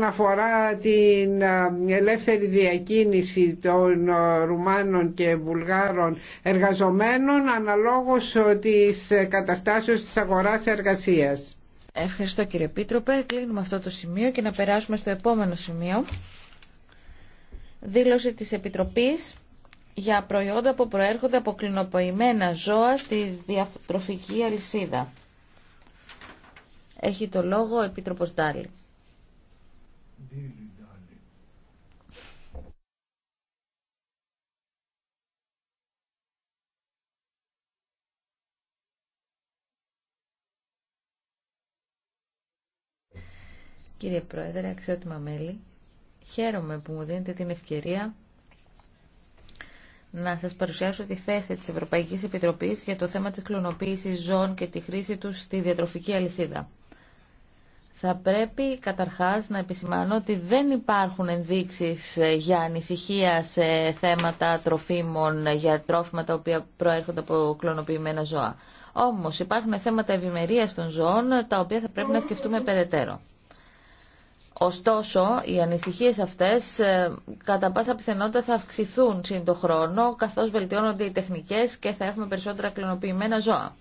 αφορά την ελεύθερη διακίνηση των Ρουμάνων και Βουλγάρων εργαζομένων αναλόγως της καταστάσεως της αγοράς εργασίας. Ευχαριστώ κύριε Πίτροπε. Κλείνουμε αυτό το σημείο και να περάσουμε στο επόμενο σημείο. Δήλωση της Επιτροπής για προϊόντα που προέρχονται από κλινοποιημένα ζώα στη διατροφική αλυσίδα. Έχει το λόγο ο Επίτροπος Κύριε Πρόεδρε, αξιότιμα μέλη, χαίρομαι που μου δίνετε την ευκαιρία να σας παρουσιάσω τη θέση της Ευρωπαϊκής Επιτροπής για το θέμα της κλωνοποίησης ζώων και τη χρήση τους στη διατροφική αλυσίδα. Θα πρέπει καταρχάς να επισημάνω ότι δεν υπάρχουν ενδείξεις ε, για ανησυχία σε θέματα τροφίμων, για τρόφιμα τα οποία προέρχονται από κλωνοποιημένα ζώα. Όμως υπάρχουν θέματα ευημερία των ζώων τα οποία θα πρέπει να σκεφτούμε περαιτέρω. Ωστόσο, οι ανησυχίες αυτές ε, κατά πάσα πιθανότητα θα αυξηθούν σύντο χρόνο καθώς βελτιώνονται οι τεχνικές και θα έχουμε περισσότερα κλωνοποιημένα ζώα.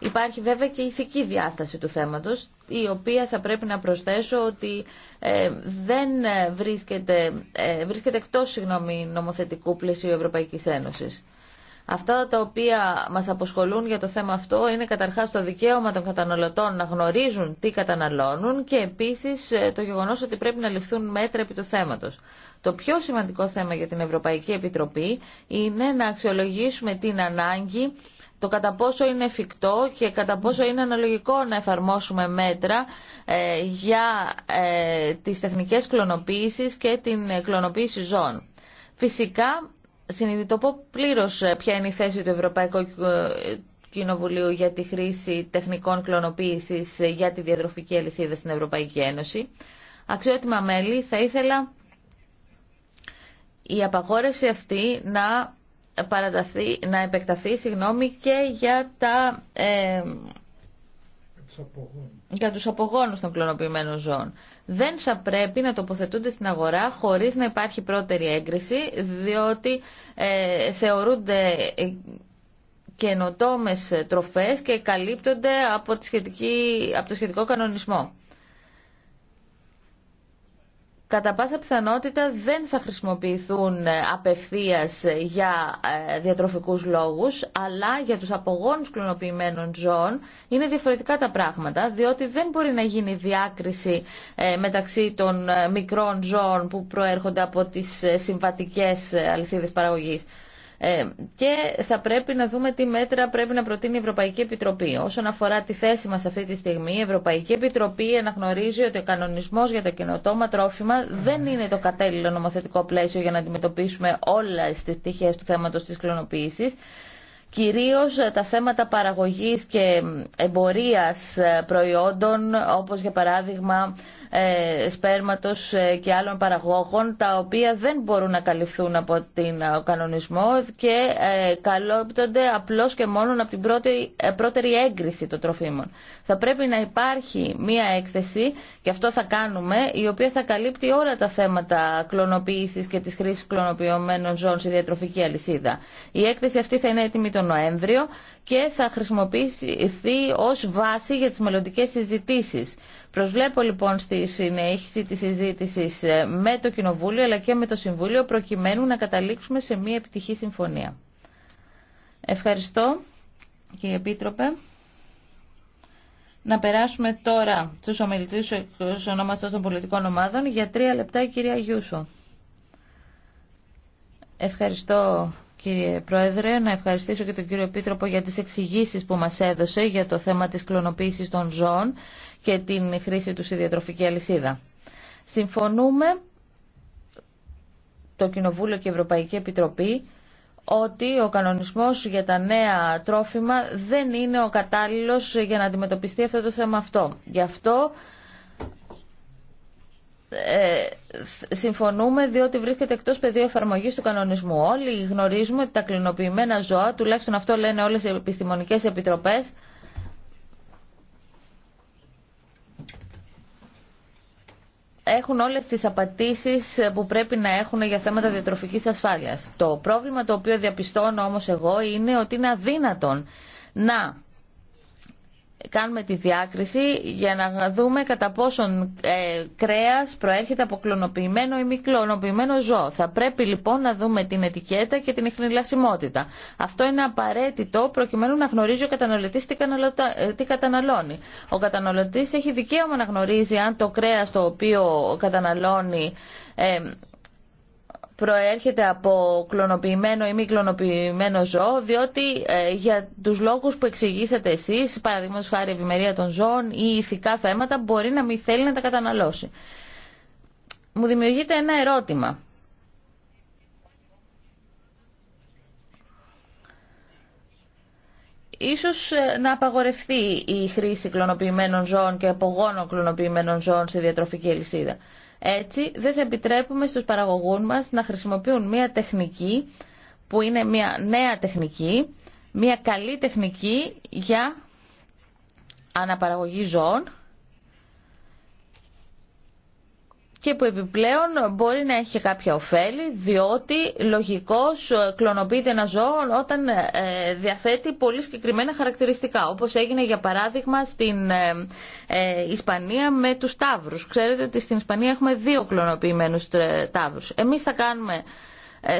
Υπάρχει βέβαια και η ηθική διάσταση του θέματος, η οποία θα πρέπει να προσθέσω ότι ε, δεν ε, βρίσκεται, ε, βρίσκεται εκτός συγγνώμη, νομοθετικού πλαισίου Ευρωπαϊκής Ένωσης. Αυτά τα οποία μας αποσχολούν για το θέμα αυτό είναι καταρχάς το δικαίωμα των καταναλωτών να γνωρίζουν τι καταναλώνουν και επίσης το γεγονός ότι πρέπει να ληφθούν μέτρα επί του θέματος. Το πιο σημαντικό θέμα για την Ευρωπαϊκή Επιτροπή είναι να αξιολογήσουμε την ανάγκη το κατά πόσο είναι εφικτό και κατά πόσο είναι αναλογικό να εφαρμόσουμε μέτρα ε, για ε, τις τεχνικές κλωνοποίησεις και την ε, κλωνοποίηση ζών. Φυσικά, συνειδητοποιώ πλήρως ποια είναι η θέση του Ευρωπαϊκού Κοινοβουλίου για τη χρήση τεχνικών κλωνοποίησης για τη διατροφική αλυσίδα στην Ευρωπαϊκή Ένωση. Αξιότιμα μέλη, θα ήθελα η απαγόρευση αυτή να παραταθεί, να επεκταθεί συγγνώμη, και για τα... Ε, για τους απογόνους των κλωνοποιημένων ζώων. Δεν θα πρέπει να τοποθετούνται στην αγορά χωρίς να υπάρχει πρώτερη έγκριση, διότι ε, θεωρούνται ε, καινοτόμες τροφές και καλύπτονται από, τη από το σχετικό κανονισμό κατά πάσα πιθανότητα δεν θα χρησιμοποιηθούν ε, απευθείας για ε, διατροφικούς λόγους, αλλά για τους απογόνους κλωνοποιημένων ζώων είναι διαφορετικά τα πράγματα, διότι δεν μπορεί να γίνει διάκριση ε, μεταξύ των μικρών ζώων που προέρχονται από τις συμβατικές αλυσίδες παραγωγής. Ε, και θα πρέπει να δούμε τι μέτρα πρέπει να προτείνει η Ευρωπαϊκή Επιτροπή. Όσον αφορά τη θέση μας αυτή τη στιγμή, η Ευρωπαϊκή Επιτροπή αναγνωρίζει ότι ο κανονισμός για τα καινοτόμα τρόφιμα δεν είναι το κατάλληλο νομοθετικό πλαίσιο για να αντιμετωπίσουμε όλε τι τυχέ του θέματο της κλωνοποίηση. κυρίως ε, τα θέματα παραγωγή και εμπορία ε, προϊόντων, όπω για παράδειγμα ε, σπέρματος ε, και άλλων παραγόγων τα οποία δεν μπορούν να καλυφθούν από την ε, κανονισμό και καλύπτονται απλώς και μόνο από την πρώτη, πρώτερη έγκριση των τροφίμων. Θα πρέπει να υπάρχει μία έκθεση και αυτό θα κάνουμε η οποία θα καλύπτει όλα τα θέματα κλωνοποίησης και της χρήσης κλωνοποιωμένων ζώων στη διατροφική αλυσίδα. Η έκθεση αυτή θα είναι έτοιμη τον Νοέμβριο και θα χρησιμοποιηθεί ως βάση για τις μελλοντικές συζητήσεις. Προσβλέπω λοιπόν στη συνέχιση της συζήτηση ε, με το Κοινοβούλιο αλλά και με το Συμβούλιο προκειμένου να καταλήξουμε σε μια επιτυχή συμφωνία. Ευχαριστώ κύριε Επίτροπε. Να περάσουμε τώρα στους ομιλητές εξ των πολιτικών ομάδων για τρία λεπτά η κυρία Γιούσο. Ευχαριστώ Κύριε Πρόεδρε, να ευχαριστήσω και τον κύριο Επίτροπο για τις εξηγήσεις που μας έδωσε για το θέμα της κλωνοποίησης των ζώων και την χρήση του στη διατροφική αλυσίδα. Συμφωνούμε, το Κοινοβούλιο και η Ευρωπαϊκή Επιτροπή, ότι ο κανονισμός για τα νέα τρόφιμα δεν είναι ο κατάλληλος για να αντιμετωπιστεί αυτό το θέμα αυτό. Γι' αυτό ε, συμφωνούμε διότι βρίσκεται εκτός πεδίου εφαρμογής του κανονισμού. Όλοι γνωρίζουμε ότι τα κλινοποιημένα ζώα, τουλάχιστον αυτό λένε όλες οι επιστημονικές επιτροπές, έχουν όλες τις απαντήσεις που πρέπει να έχουν για θέματα διατροφικής ασφάλειας. Το πρόβλημα το οποίο διαπιστώνω όμως εγώ είναι ότι είναι αδύνατον να κάνουμε τη διάκριση για να δούμε κατά πόσον ε, κρέας προέρχεται από κλωνοποιημένο ή μη κλωνοποιημένο ζώο. Θα πρέπει λοιπόν να δούμε την ετικέτα και την ιχνηλασιμότητα. Αυτό είναι απαραίτητο προκειμένου να γνωρίζει ο καταναλωτής τι, ε, καταναλώνει. Ο καταναλωτής έχει δικαίωμα να γνωρίζει αν το κρέας το οποίο καταναλώνει ε, προέρχεται από κλωνοποιημένο ή μη κλωνοποιημένο ζώο, διότι ε, για τους λόγους που εξηγήσατε εσείς, παραδείγματο χάρη ευημερία των ζώων ή ηθικά θέματα, μπορεί να μην θέλει να τα καταναλώσει. Μου δημιουργείται ένα ερώτημα. ίσως ε, να απαγορευτεί η χρήση κλωνοποιημένων ζώων και απογόνων κλωνοποιημένων ζώων στη διατροφική αλυσίδα. Έτσι δεν θα επιτρέπουμε στους παραγωγούς μας να χρησιμοποιούν μια τεχνική που είναι μια νέα τεχνική, μια καλή τεχνική για αναπαραγωγή ζώων και που επιπλέον μπορεί να έχει κάποια ωφέλη διότι λογικώς ε, κλωνοποιείται ένα ζώο όταν ε, διαθέτει πολύ συγκεκριμένα χαρακτηριστικά όπως έγινε για παράδειγμα στην ε, Ισπανία με τους τάβρους. Ξέρετε ότι στην Ισπανία έχουμε δύο κλωνοποιημένους τάβρους. Εμείς θα κάνουμε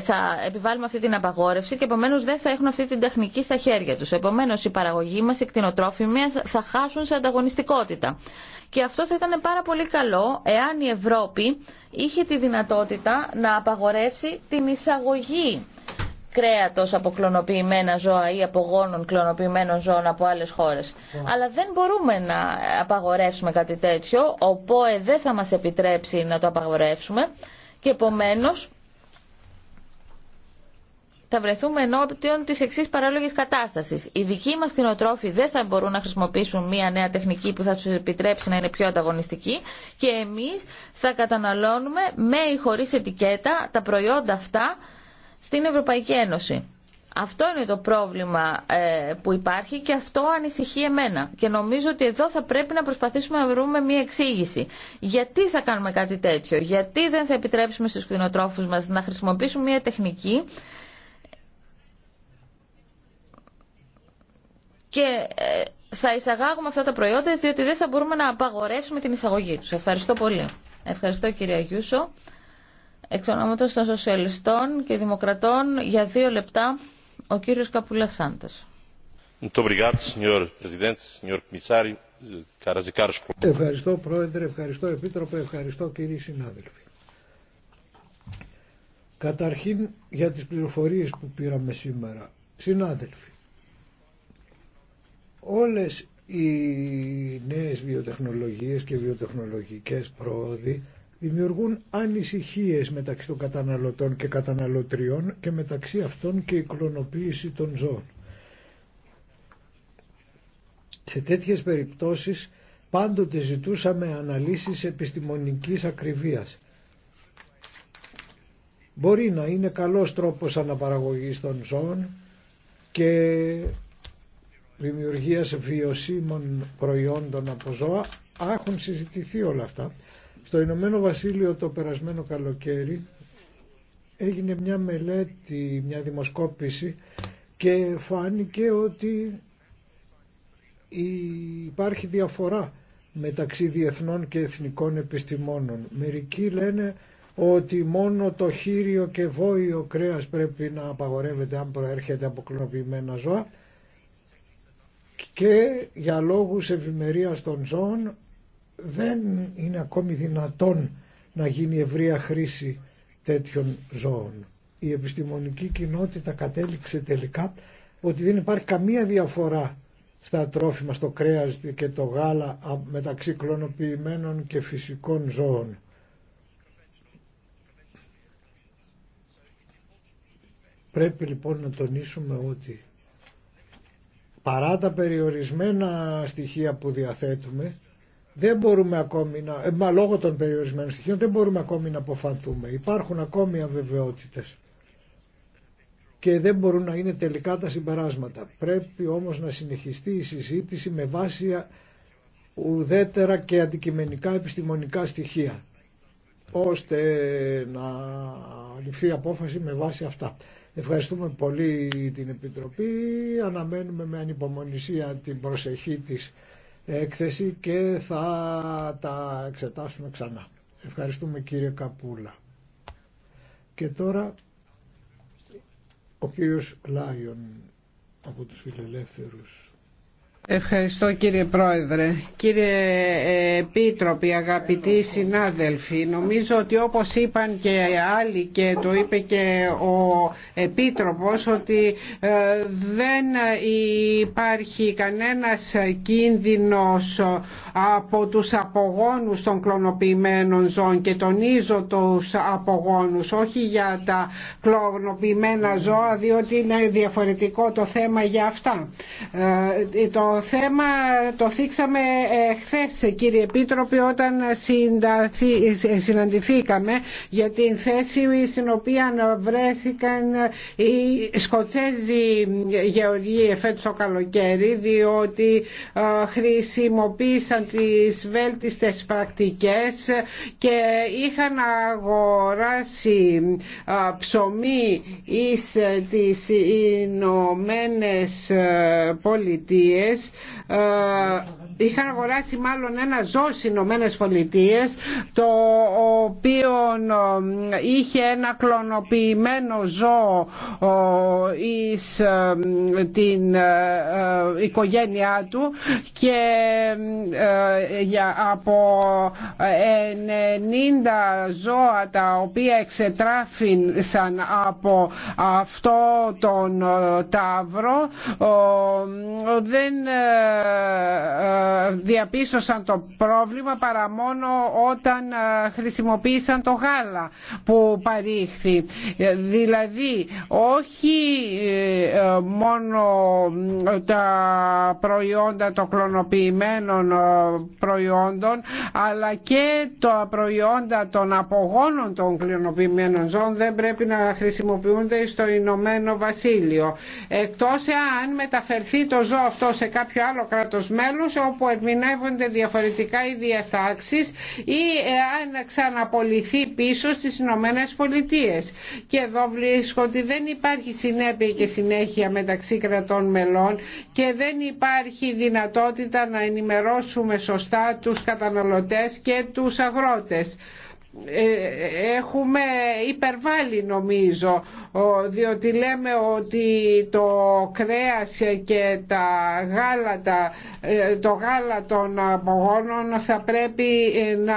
θα επιβάλλουμε αυτή την απαγόρευση και επομένω δεν θα έχουν αυτή την τεχνική στα χέρια του. Επομένω, οι παραγωγοί μα, οι κτηνοτρόφοι θα χάσουν σε ανταγωνιστικότητα. Και αυτό θα ήταν πάρα πολύ καλό εάν η Ευρώπη είχε τη δυνατότητα να απαγορεύσει την εισαγωγή κρέατος από κλωνοποιημένα ζώα ή από γόνων κλωνοποιημένων ζώων από άλλες χώρες. Αλλά δεν μπορούμε να απαγορεύσουμε κάτι τέτοιο, οπότε δεν θα μας επιτρέψει να το απαγορεύσουμε και επομένως θα βρεθούμε ενώπιον τη εξή παράλογη κατάσταση. Οι δικοί μα κτηνοτρόφοι δεν θα μπορούν να χρησιμοποιήσουν μία νέα τεχνική που θα του επιτρέψει να είναι πιο ανταγωνιστική και εμεί θα καταναλώνουμε με ή χωρί ετικέτα τα προϊόντα αυτά στην Ευρωπαϊκή Ένωση. Αυτό είναι το πρόβλημα ε, που υπάρχει και αυτό ανησυχεί εμένα. Και νομίζω ότι εδώ θα πρέπει να προσπαθήσουμε να βρούμε μια εξήγηση. Γιατί θα κάνουμε κάτι τέτοιο, γιατί δεν θα επιτρέψουμε στους κοινοτρόφους μας να χρησιμοποιήσουν μια τεχνική και ε, θα εισαγάγουμε αυτά τα προϊόντα διότι δεν θα μπορούμε να απαγορεύσουμε την εισαγωγή τους. Ευχαριστώ πολύ. Ευχαριστώ κυρία Γιούσο. Εξ ονόματος των Σοσιαλιστών και Δημοκρατών για δύο λεπτά ο κύριος Καπούλα Σάντος. E ευχαριστώ πρόεδρε, ευχαριστώ επίτροπε, ευχαριστώ κύριοι συνάδελφοι. Καταρχήν για τις πληροφορίες που πήραμε σήμερα. Συνάδελφοι, Όλες οι νέες βιοτεχνολογίες και βιοτεχνολογικές πρόοδοι δημιουργούν ανησυχίες μεταξύ των καταναλωτών και καταναλωτριών και μεταξύ αυτών και η κλωνοποίηση των ζώων. Σε τέτοιες περιπτώσεις πάντοτε ζητούσαμε αναλύσεις επιστημονικής ακριβίας. Μπορεί να είναι καλός τρόπος αναπαραγωγής των ζώων και δημιουργία βιωσίμων προϊόντων από ζώα. Έχουν συζητηθεί όλα αυτά. Στο Ηνωμένο Βασίλειο το περασμένο καλοκαίρι έγινε μια μελέτη, μια δημοσκόπηση και φάνηκε ότι υπάρχει διαφορά μεταξύ διεθνών και εθνικών επιστημόνων. Μερικοί λένε ότι μόνο το χείριο και βόηο κρέας πρέπει να απαγορεύεται αν προέρχεται από κλωνοποιημένα ζώα και για λόγους ευημερία των ζώων δεν είναι ακόμη δυνατόν να γίνει ευρεία χρήση τέτοιων ζώων. Η επιστημονική κοινότητα κατέληξε τελικά ότι δεν υπάρχει καμία διαφορά στα τρόφιμα, στο κρέας και το γάλα μεταξύ κλωνοποιημένων και φυσικών ζώων. Πρέπει λοιπόν να τονίσουμε ότι παρά τα περιορισμένα στοιχεία που διαθέτουμε, δεν μπορούμε ακόμη να, ε, μα λόγω των περιορισμένων στοιχείων δεν μπορούμε ακόμη να αποφανθούμε. Υπάρχουν ακόμη αβεβαιότητες και δεν μπορούν να είναι τελικά τα συμπεράσματα. Πρέπει όμως να συνεχιστεί η συζήτηση με βάση ουδέτερα και αντικειμενικά επιστημονικά στοιχεία ώστε να ληφθεί απόφαση με βάση αυτά. Ευχαριστούμε πολύ την Επιτροπή. Αναμένουμε με ανυπομονησία την προσεχή της έκθεση και θα τα εξετάσουμε ξανά. Ευχαριστούμε κύριε Καπούλα. Και τώρα ο κύριος Λάιον από τους φιλελεύθερους. Ευχαριστώ κύριε Πρόεδρε. Κύριε ε, Επίτροπη, αγαπητοί συνάδελφοι, νομίζω ότι όπως είπαν και άλλοι και το είπε και ο Επίτροπος ότι ε, δεν υπάρχει κανένας κίνδυνος ε, από τους απογόνους των κλωνοποιημένων ζώων και τονίζω τους απογόνους, όχι για τα κλωνοποιημένα ζώα διότι είναι διαφορετικό το θέμα για αυτά. Το θέμα το θίξαμε ε, χθε, κύριε Επίτροπη όταν συναντηθήκαμε για την θέση στην οποία βρέθηκαν οι Σκοτσέζοι γεωργοί εφέτος το καλοκαίρι διότι ε, χρησιμοποίησαν τις βέλτιστες πρακτικές και είχαν αγοράσει ε, ψωμί εις τις Ηνωμένε Πολιτείες Ευχαριστώ είχαν αγοράσει μάλλον ένα ζώο στι Ηνωμένε Πολιτείε το οποίο ε, είχε ένα κλωνοποιημένο ζώο ε, εις ε, την οικογένειά του και από 90 ζώα τα οποία εξετράφησαν από αυτό τον Ταύρο δεν διαπίστωσαν το πρόβλημα παρά μόνο όταν ε, χρησιμοποίησαν το γάλα που παρήχθη. Δηλαδή όχι ε, μόνο ε, τα προϊόντα των κλωνοποιημένων προϊόντων αλλά και τα προϊόντα των απογόνων των κλωνοποιημένων ζώων δεν πρέπει να χρησιμοποιούνται στο Ηνωμένο Βασίλειο. Εκτός εάν μεταφερθεί το ζώο αυτό σε κάποιο άλλο κράτος μέλος που ερμηνεύονται διαφορετικά οι διαστάξει ή εάν ξαναπολυθεί πίσω στις Ηνωμένε Πολιτείε. Και εδώ βρίσκω ότι δεν υπάρχει συνέπεια και συνέχεια μεταξύ κρατών μελών και δεν υπάρχει δυνατότητα να ενημερώσουμε σωστά τους καταναλωτές και τους αγρότες. Ε, έχουμε υπερβάλλει νομίζω διότι λέμε ότι το κρέας και τα γάλατα ε, το γάλα των απογόνων θα πρέπει ε, να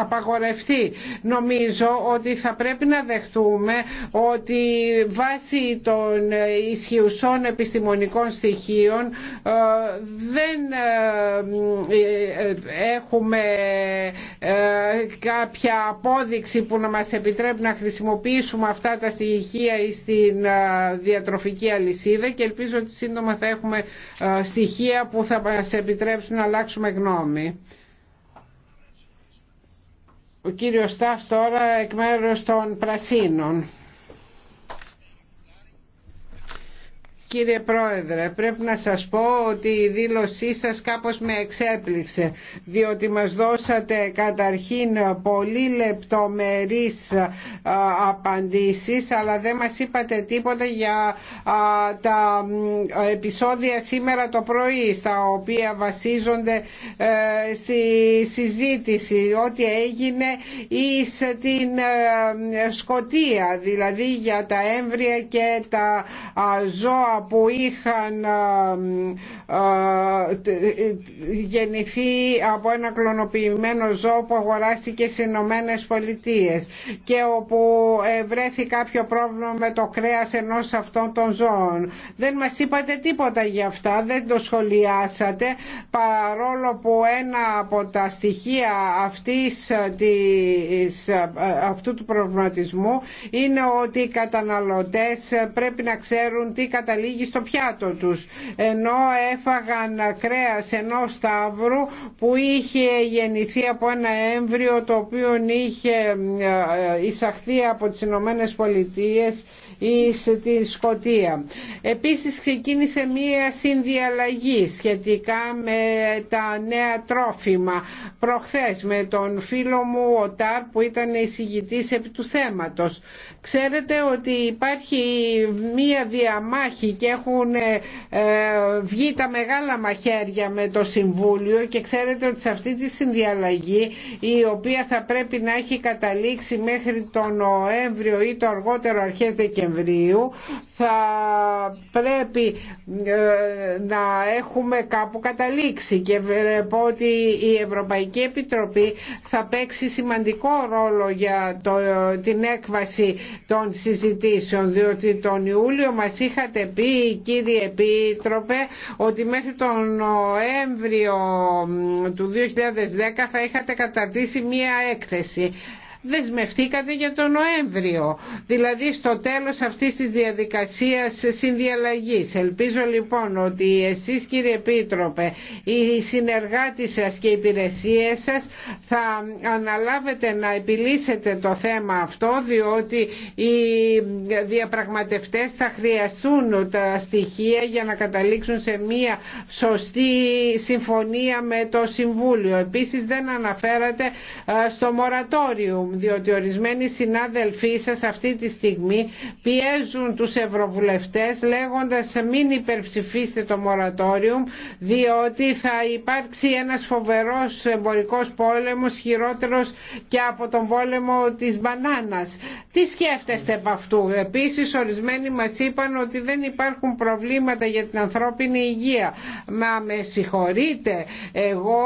απαγορευτεί νομίζω ότι θα πρέπει να δεχτούμε ότι βάσει των ισχυουσών επιστημονικών στοιχείων δεν έχουμε κάποια απόδειξη που να μας επιτρέπει να χρησιμοποιήσουμε αυτά τα στοιχεία στην διατροφική αλυσίδα και ελπίζω ότι σύντομα θα έχουμε στοιχεία που θα μας επιτρέψουν να αλλάξουμε γνώμη. Ο κύριος Στάφ τώρα εκ μέρους των Πρασίνων. Κύριε Πρόεδρε, πρέπει να σας πω ότι η δήλωσή σας κάπως με εξέπληξε, διότι μας δώσατε καταρχήν πολύ λεπτομερείς απαντήσεις, αλλά δεν μας είπατε τίποτα για τα επεισόδια σήμερα το πρωί, στα οποία βασίζονται ε, στη συζήτηση, ό,τι έγινε ή την ε, Σκοτία, δηλαδή για τα έμβρια και τα ζώα που είχαν ε, ε, γεννηθεί από ένα κλωνοποιημένο ζώο που αγοράστηκε στι Ηνωμένε Πολιτείε και όπου ε, βρέθη κάποιο πρόβλημα με το κρέα ενό αυτών των ζώων. Δεν μα είπατε τίποτα για αυτά, δεν το σχολιάσατε παρόλο που ένα από τα στοιχεία αυτής, ε, της, αυτού του προβληματισμού είναι ότι οι καταναλωτές πρέπει να ξέρουν τι καταλήγει στο πιάτο τους ενώ έφαγαν κρέας ενό σταύρου που είχε γεννηθεί από ένα έμβριο το οποίο είχε ε, ε, εισαχθεί από τις Ηνωμένε Πολιτείες ή Σκοτία. Επίσης ξεκίνησε μία συνδιαλλαγή σχετικά με τα νέα τρόφιμα προχθές με τον φίλο μου ο Τάρ που ήταν εισηγητής επί του θέματος. Ξέρετε ότι υπάρχει μία διαμάχη και έχουν ε, ε, βγει τα μεγάλα μαχαίρια με το Συμβούλιο και ξέρετε ότι σε αυτή τη συνδιαλλαγή η οποία θα πρέπει να έχει καταλήξει μέχρι τον Νοέμβριο ή το αργότερο αρχές Δεκεμβρίου θα πρέπει ε, να έχουμε κάπου καταλήξει και βλέπω ότι η Ευρωπαϊκή Επιτροπή θα παίξει σημαντικό ρόλο για την έκβαση των συζητήσεων διότι τον Ιούλιο μας είχατε πει κύριε Επίτροπε ότι μέχρι τον Νοέμβριο του 2010 θα είχατε καταρτήσει μία έκθεση δεσμευτήκατε για τον Νοέμβριο, δηλαδή στο τέλος αυτής της διαδικασίας συνδιαλλαγής. Ελπίζω λοιπόν ότι εσείς κύριε Επίτροπε, οι συνεργάτες σας και οι υπηρεσίες σας θα αναλάβετε να επιλύσετε το θέμα αυτό, διότι οι διαπραγματευτές θα χρειαστούν τα στοιχεία για να καταλήξουν σε μία σωστή συμφωνία με το Συμβούλιο. Επίσης δεν αναφέρατε ε, στο μορατόριο διότι ορισμένοι συνάδελφοί σας αυτή τη στιγμή πιέζουν τους ευρωβουλευτές λέγοντας μην υπερψηφίστε το μορατόριο διότι θα υπάρξει ένας φοβερός εμπορικός πόλεμος χειρότερος και από τον πόλεμο της μπανάνας. Τι σκέφτεστε από αυτού. Επίσης ορισμένοι μας είπαν ότι δεν υπάρχουν προβλήματα για την ανθρώπινη υγεία. Μα με συγχωρείτε, εγώ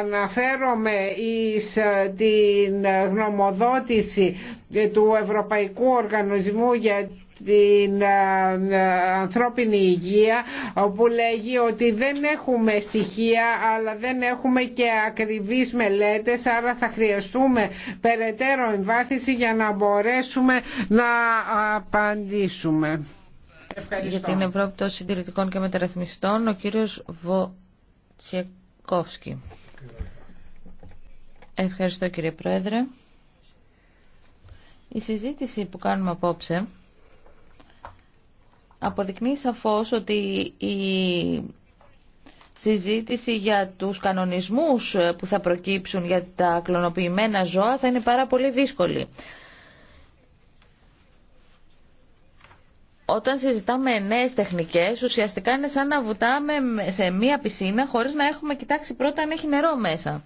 αναφέρομαι ε, την γνωμοσύνη του Ευρωπαϊκού Οργανισμού για την ε, ε, ανθρώπινη υγεία όπου λέγει ότι δεν έχουμε στοιχεία αλλά δεν έχουμε και ακριβείς μελέτες άρα θα χρειαστούμε περαιτέρω εμβάθυνση για να μπορέσουμε να απαντήσουμε. Ευχαριστώ. Για την Ευρώπη των Συντηρητικών και Μεταρρυθμιστών ο κύριος Βοτσιακόφσκι. Ευχαριστώ κύριε Πρόεδρε. Η συζήτηση που κάνουμε απόψε αποδεικνύει σαφώς ότι η συζήτηση για τους κανονισμούς που θα προκύψουν για τα κλωνοποιημένα ζώα θα είναι πάρα πολύ δύσκολη. Όταν συζητάμε νέε τεχνικές, ουσιαστικά είναι σαν να βουτάμε σε μία πισίνα χωρίς να έχουμε κοιτάξει πρώτα αν έχει νερό μέσα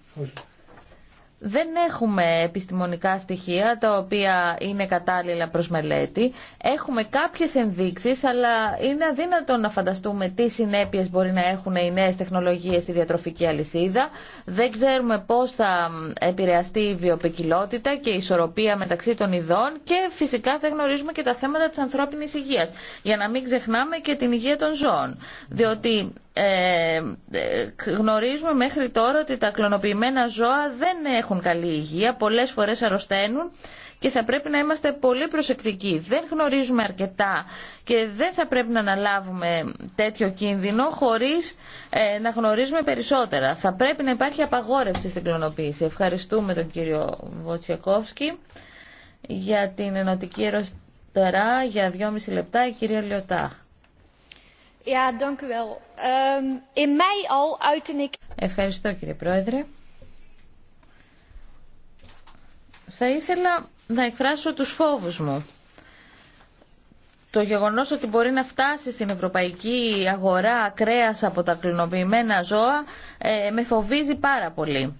δεν έχουμε επιστημονικά στοιχεία τα οποία είναι κατάλληλα προς μελέτη. Έχουμε κάποιες ενδείξεις, αλλά είναι αδύνατο να φανταστούμε τι συνέπειες μπορεί να έχουν οι νέες τεχνολογίες στη διατροφική αλυσίδα. Δεν ξέρουμε πώς θα επηρεαστεί η βιοπικιλότητα και η ισορροπία μεταξύ των ειδών και φυσικά δεν γνωρίζουμε και τα θέματα της ανθρώπινης υγείας. Για να μην ξεχνάμε και την υγεία των ζώων. Διότι ε, ε, γνωρίζουμε μέχρι τώρα ότι τα κλωνοποιημένα ζώα δεν έχουν καλή υγεία, πολλές φορές αρρωσταίνουν και θα πρέπει να είμαστε πολύ προσεκτικοί. Δεν γνωρίζουμε αρκετά και δεν θα πρέπει να αναλάβουμε τέτοιο κίνδυνο χωρίς ε, να γνωρίζουμε περισσότερα. Θα πρέπει να υπάρχει απαγόρευση στην κλωνοποίηση. Ευχαριστούμε τον κύριο Βοτσιακόφσκι για την ενωτική Ερωτερά. για δυόμιση λεπτά η κυρία Λιωτά. Ευχαριστώ κύριε Πρόεδρε. Θα ήθελα να εκφράσω τους φόβους μου. Το γεγονός ότι μπορεί να φτάσει στην ευρωπαϊκή αγορά κρέας από τα κλινοποιημένα ζώα ε, με φοβίζει πάρα πολύ.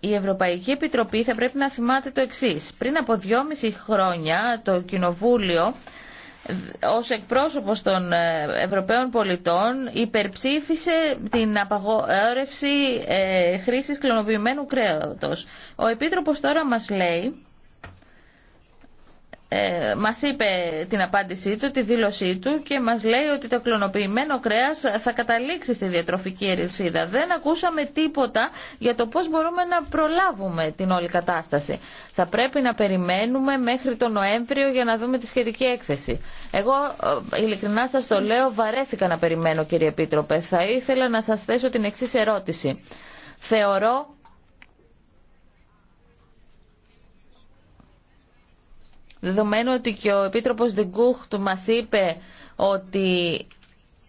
Η Ευρωπαϊκή Επιτροπή θα πρέπει να θυμάται το εξής. Πριν από δυόμιση χρόνια το Κοινοβούλιο ως εκπρόσωπος των ε, Ευρωπαίων πολιτών υπερψήφισε την απαγόρευση ε, χρήσης κλωνοποιημένου κρέατος. Ο Επίτροπος τώρα μας λέει ε, μας είπε την απάντησή του, τη δήλωσή του και μας λέει ότι το κλωνοποιημένο κρέας θα καταλήξει στη διατροφική ερησίδα. Δεν ακούσαμε τίποτα για το πώς μπορούμε να προλάβουμε την όλη κατάσταση. Θα πρέπει να περιμένουμε μέχρι τον Νοέμβριο για να δούμε τη σχετική έκθεση. Εγώ, ε, ειλικρινά σας το λέω, βαρέθηκα να περιμένω κύριε Επίτροπε. Θα ήθελα να σας θέσω την εξή ερώτηση. Θεωρώ Δεδομένου ότι και ο Επίτροπος του μας είπε ότι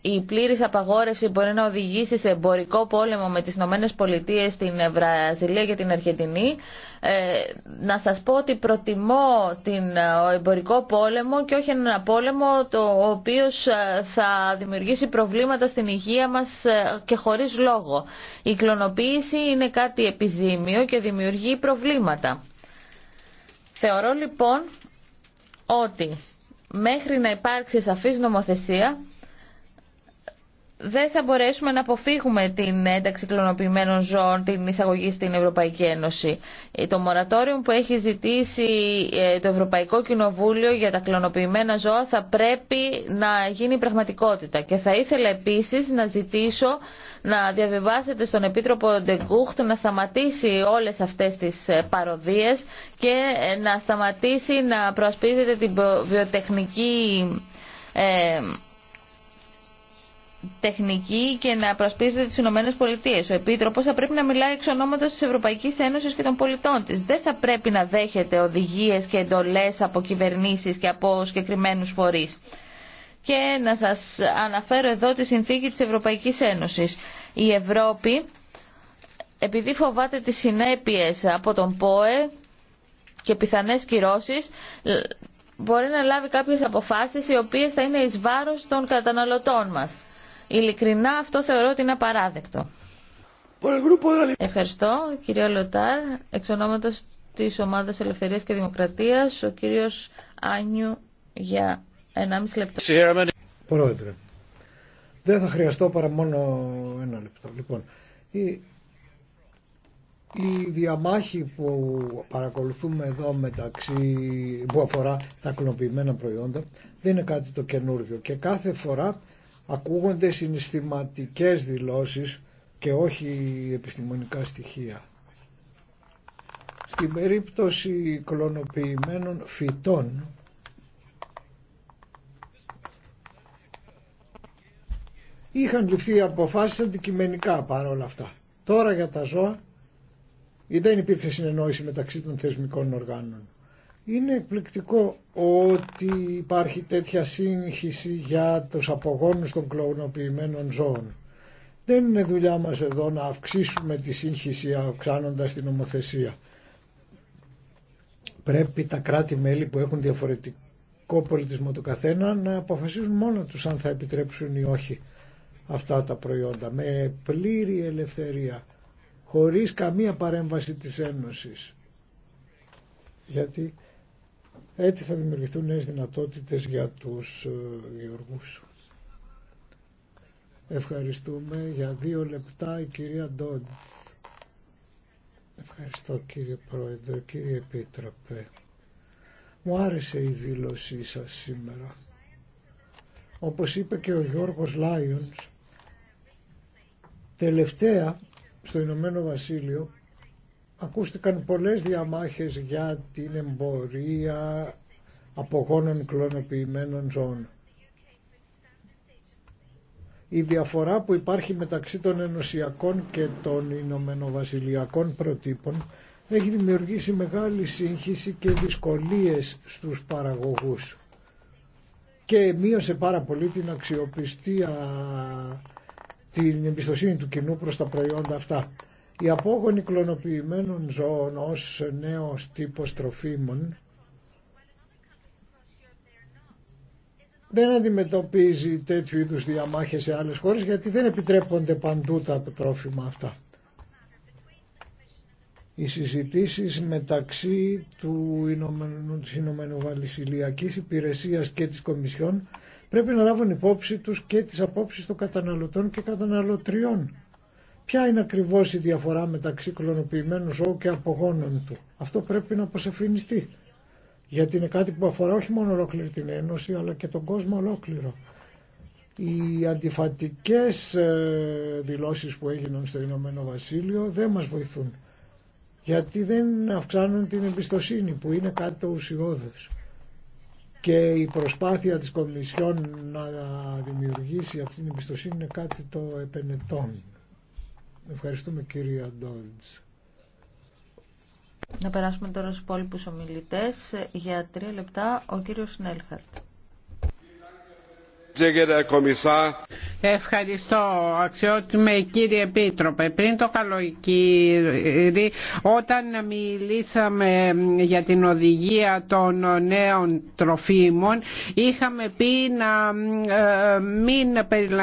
η πλήρης απαγόρευση μπορεί να οδηγήσει σε εμπορικό πόλεμο με τις Ηνωμένες Πολιτείες στην Βραζιλία και την Αργεντινή. Ε, να σας πω ότι προτιμώ την, ε, ο εμπορικό πόλεμο και όχι ένα πόλεμο το, ο οποίος ε, θα δημιουργήσει προβλήματα στην υγεία μας και χωρίς λόγο. Η κλωνοποίηση είναι κάτι επιζήμιο και δημιουργεί προβλήματα. Θεωρώ λοιπόν ότι μέχρι να υπάρξει σαφής νομοθεσία δεν θα μπορέσουμε να αποφύγουμε την ένταξη κλωνοποιημένων ζώων, την εισαγωγή στην Ευρωπαϊκή Ένωση. Ε, το μορατόριο που έχει ζητήσει ε, το Ευρωπαϊκό Κοινοβούλιο για τα κλωνοποιημένα ζώα θα πρέπει να γίνει πραγματικότητα. Και θα ήθελα επίσης να ζητήσω να διαβιβάσετε στον Επίτροπο Ντεγκούχτ να σταματήσει όλες αυτές τις ε, παροδίες και να σταματήσει να προασπίζεται την βιοτεχνική τεχνική και να προσπίζεται τις Ηνωμένε Πολιτείε. Ο Επίτροπος θα πρέπει να μιλάει εξ ονόματος της Ευρωπαϊκής Ένωσης και των πολιτών τη. Δεν θα πρέπει να δέχεται οδηγίες και εντολές από κυβερνήσεις και από συγκεκριμένου φορείς. Και να σας αναφέρω εδώ τη συνθήκη της Ευρωπαϊκής Ένωσης. Η Ευρώπη, επειδή φοβάται τις συνέπειε από τον ΠΟΕ και πιθανές κυρώσεις, μπορεί να λάβει κάποιες αποφάσεις οι οποίες θα είναι εις βάρος των καταναλωτών μας. Ειλικρινά αυτό θεωρώ ότι είναι απαράδεκτο. Ευχαριστώ, κύριε Λοτάρ, εξ ονόματος της Ομάδας Ελευθερίας και Δημοκρατίας, ο κύριος Άνιου για 1,5 λεπτό. Πρόεδρε, δεν θα χρειαστώ παρά μόνο ένα λεπτό. Λοιπόν, η, η διαμάχη που παρακολουθούμε εδώ μεταξύ που αφορά τα κλωνοποιημένα προϊόντα δεν είναι κάτι το καινούργιο και κάθε φορά ακούγονται συναισθηματικές δηλώσεις και όχι επιστημονικά στοιχεία. Στην περίπτωση κλωνοποιημένων φυτών είχαν ληφθεί αποφάσεις αντικειμενικά παρόλα αυτά. Τώρα για τα ζώα δεν υπήρχε συνεννόηση μεταξύ των θεσμικών οργάνων. Είναι εκπληκτικό ότι υπάρχει τέτοια σύγχυση για τους απογόνους των κλωνοποιημένων ζώων. Δεν είναι δουλειά μας εδώ να αυξήσουμε τη σύγχυση αυξάνοντας την νομοθεσία. Πρέπει τα κράτη-μέλη που έχουν διαφορετικό πολιτισμό του καθένα να αποφασίζουν μόνο τους αν θα επιτρέψουν ή όχι αυτά τα προϊόντα με πλήρη ελευθερία χωρίς καμία παρέμβαση της Ένωσης γιατί έτσι θα δημιουργηθούν νέες δυνατότητες για τους ε, γεωργούς. Ευχαριστούμε. Για δύο λεπτά η κυρία Ντόντ. Ευχαριστώ κύριε Πρόεδρε, κύριε Επίτροπε. Μου άρεσε η δήλωσή σας σήμερα. Όπως είπε και ο Γιώργος Λάιονς, τελευταία στο Ηνωμένο Βασίλειο Ακούστηκαν πολλές διαμάχες για την εμπορία απογόνων κλωνοποιημένων ζώων. Η διαφορά που υπάρχει μεταξύ των ενωσιακών και των ηνωμενοβασιλιακών προτύπων έχει δημιουργήσει μεγάλη σύγχυση και δυσκολίες στους παραγωγούς και μείωσε πάρα πολύ την αξιοπιστία, την εμπιστοσύνη του κοινού προς τα προϊόντα αυτά. Η απόγονοι κλωνοποιημένων ζώων ως νέος τύπος τροφίμων δεν αντιμετωπίζει τέτοιου είδους διαμάχες σε άλλες χώρες γιατί δεν επιτρέπονται παντού τα τρόφιμα αυτά. Οι συζητήσεις μεταξύ του Ηνωμένου, της Ηνωμένου Υπηρεσίας και της Κομισιόν πρέπει να λάβουν υπόψη τους και τις απόψεις των καταναλωτών και καταναλωτριών Ποια είναι ακριβώς η διαφορά μεταξύ κλωνοποιημένου ζώου και απογόνων του. Αυτό πρέπει να αποσαφινιστεί. Γιατί είναι κάτι που αφορά όχι μόνο ολόκληρη την Ένωση αλλά και τον κόσμο ολόκληρο. Οι αντιφατικές ε, δηλώσεις που έγιναν στο Ηνωμένο Βασίλειο δεν μας βοηθούν. Γιατί δεν αυξάνουν την εμπιστοσύνη που είναι κάτι το ουσιώδες. Και η προσπάθεια της Κομισιόν να δημιουργήσει αυτή την εμπιστοσύνη είναι κάτι το επενετών. Ευχαριστούμε κυρία Ντόλτς. Να περάσουμε τώρα στους υπόλοιπους ομιλητές. Για τρία λεπτά ο κύριος Σνέλχαρτ. Ευχαριστώ αξιότιμε κύριε Επίτροπε. Πριν το καλοκαίρι όταν μιλήσαμε για την οδηγία των νέων τροφίμων είχαμε πει να ε, μην περιλαμβάνουν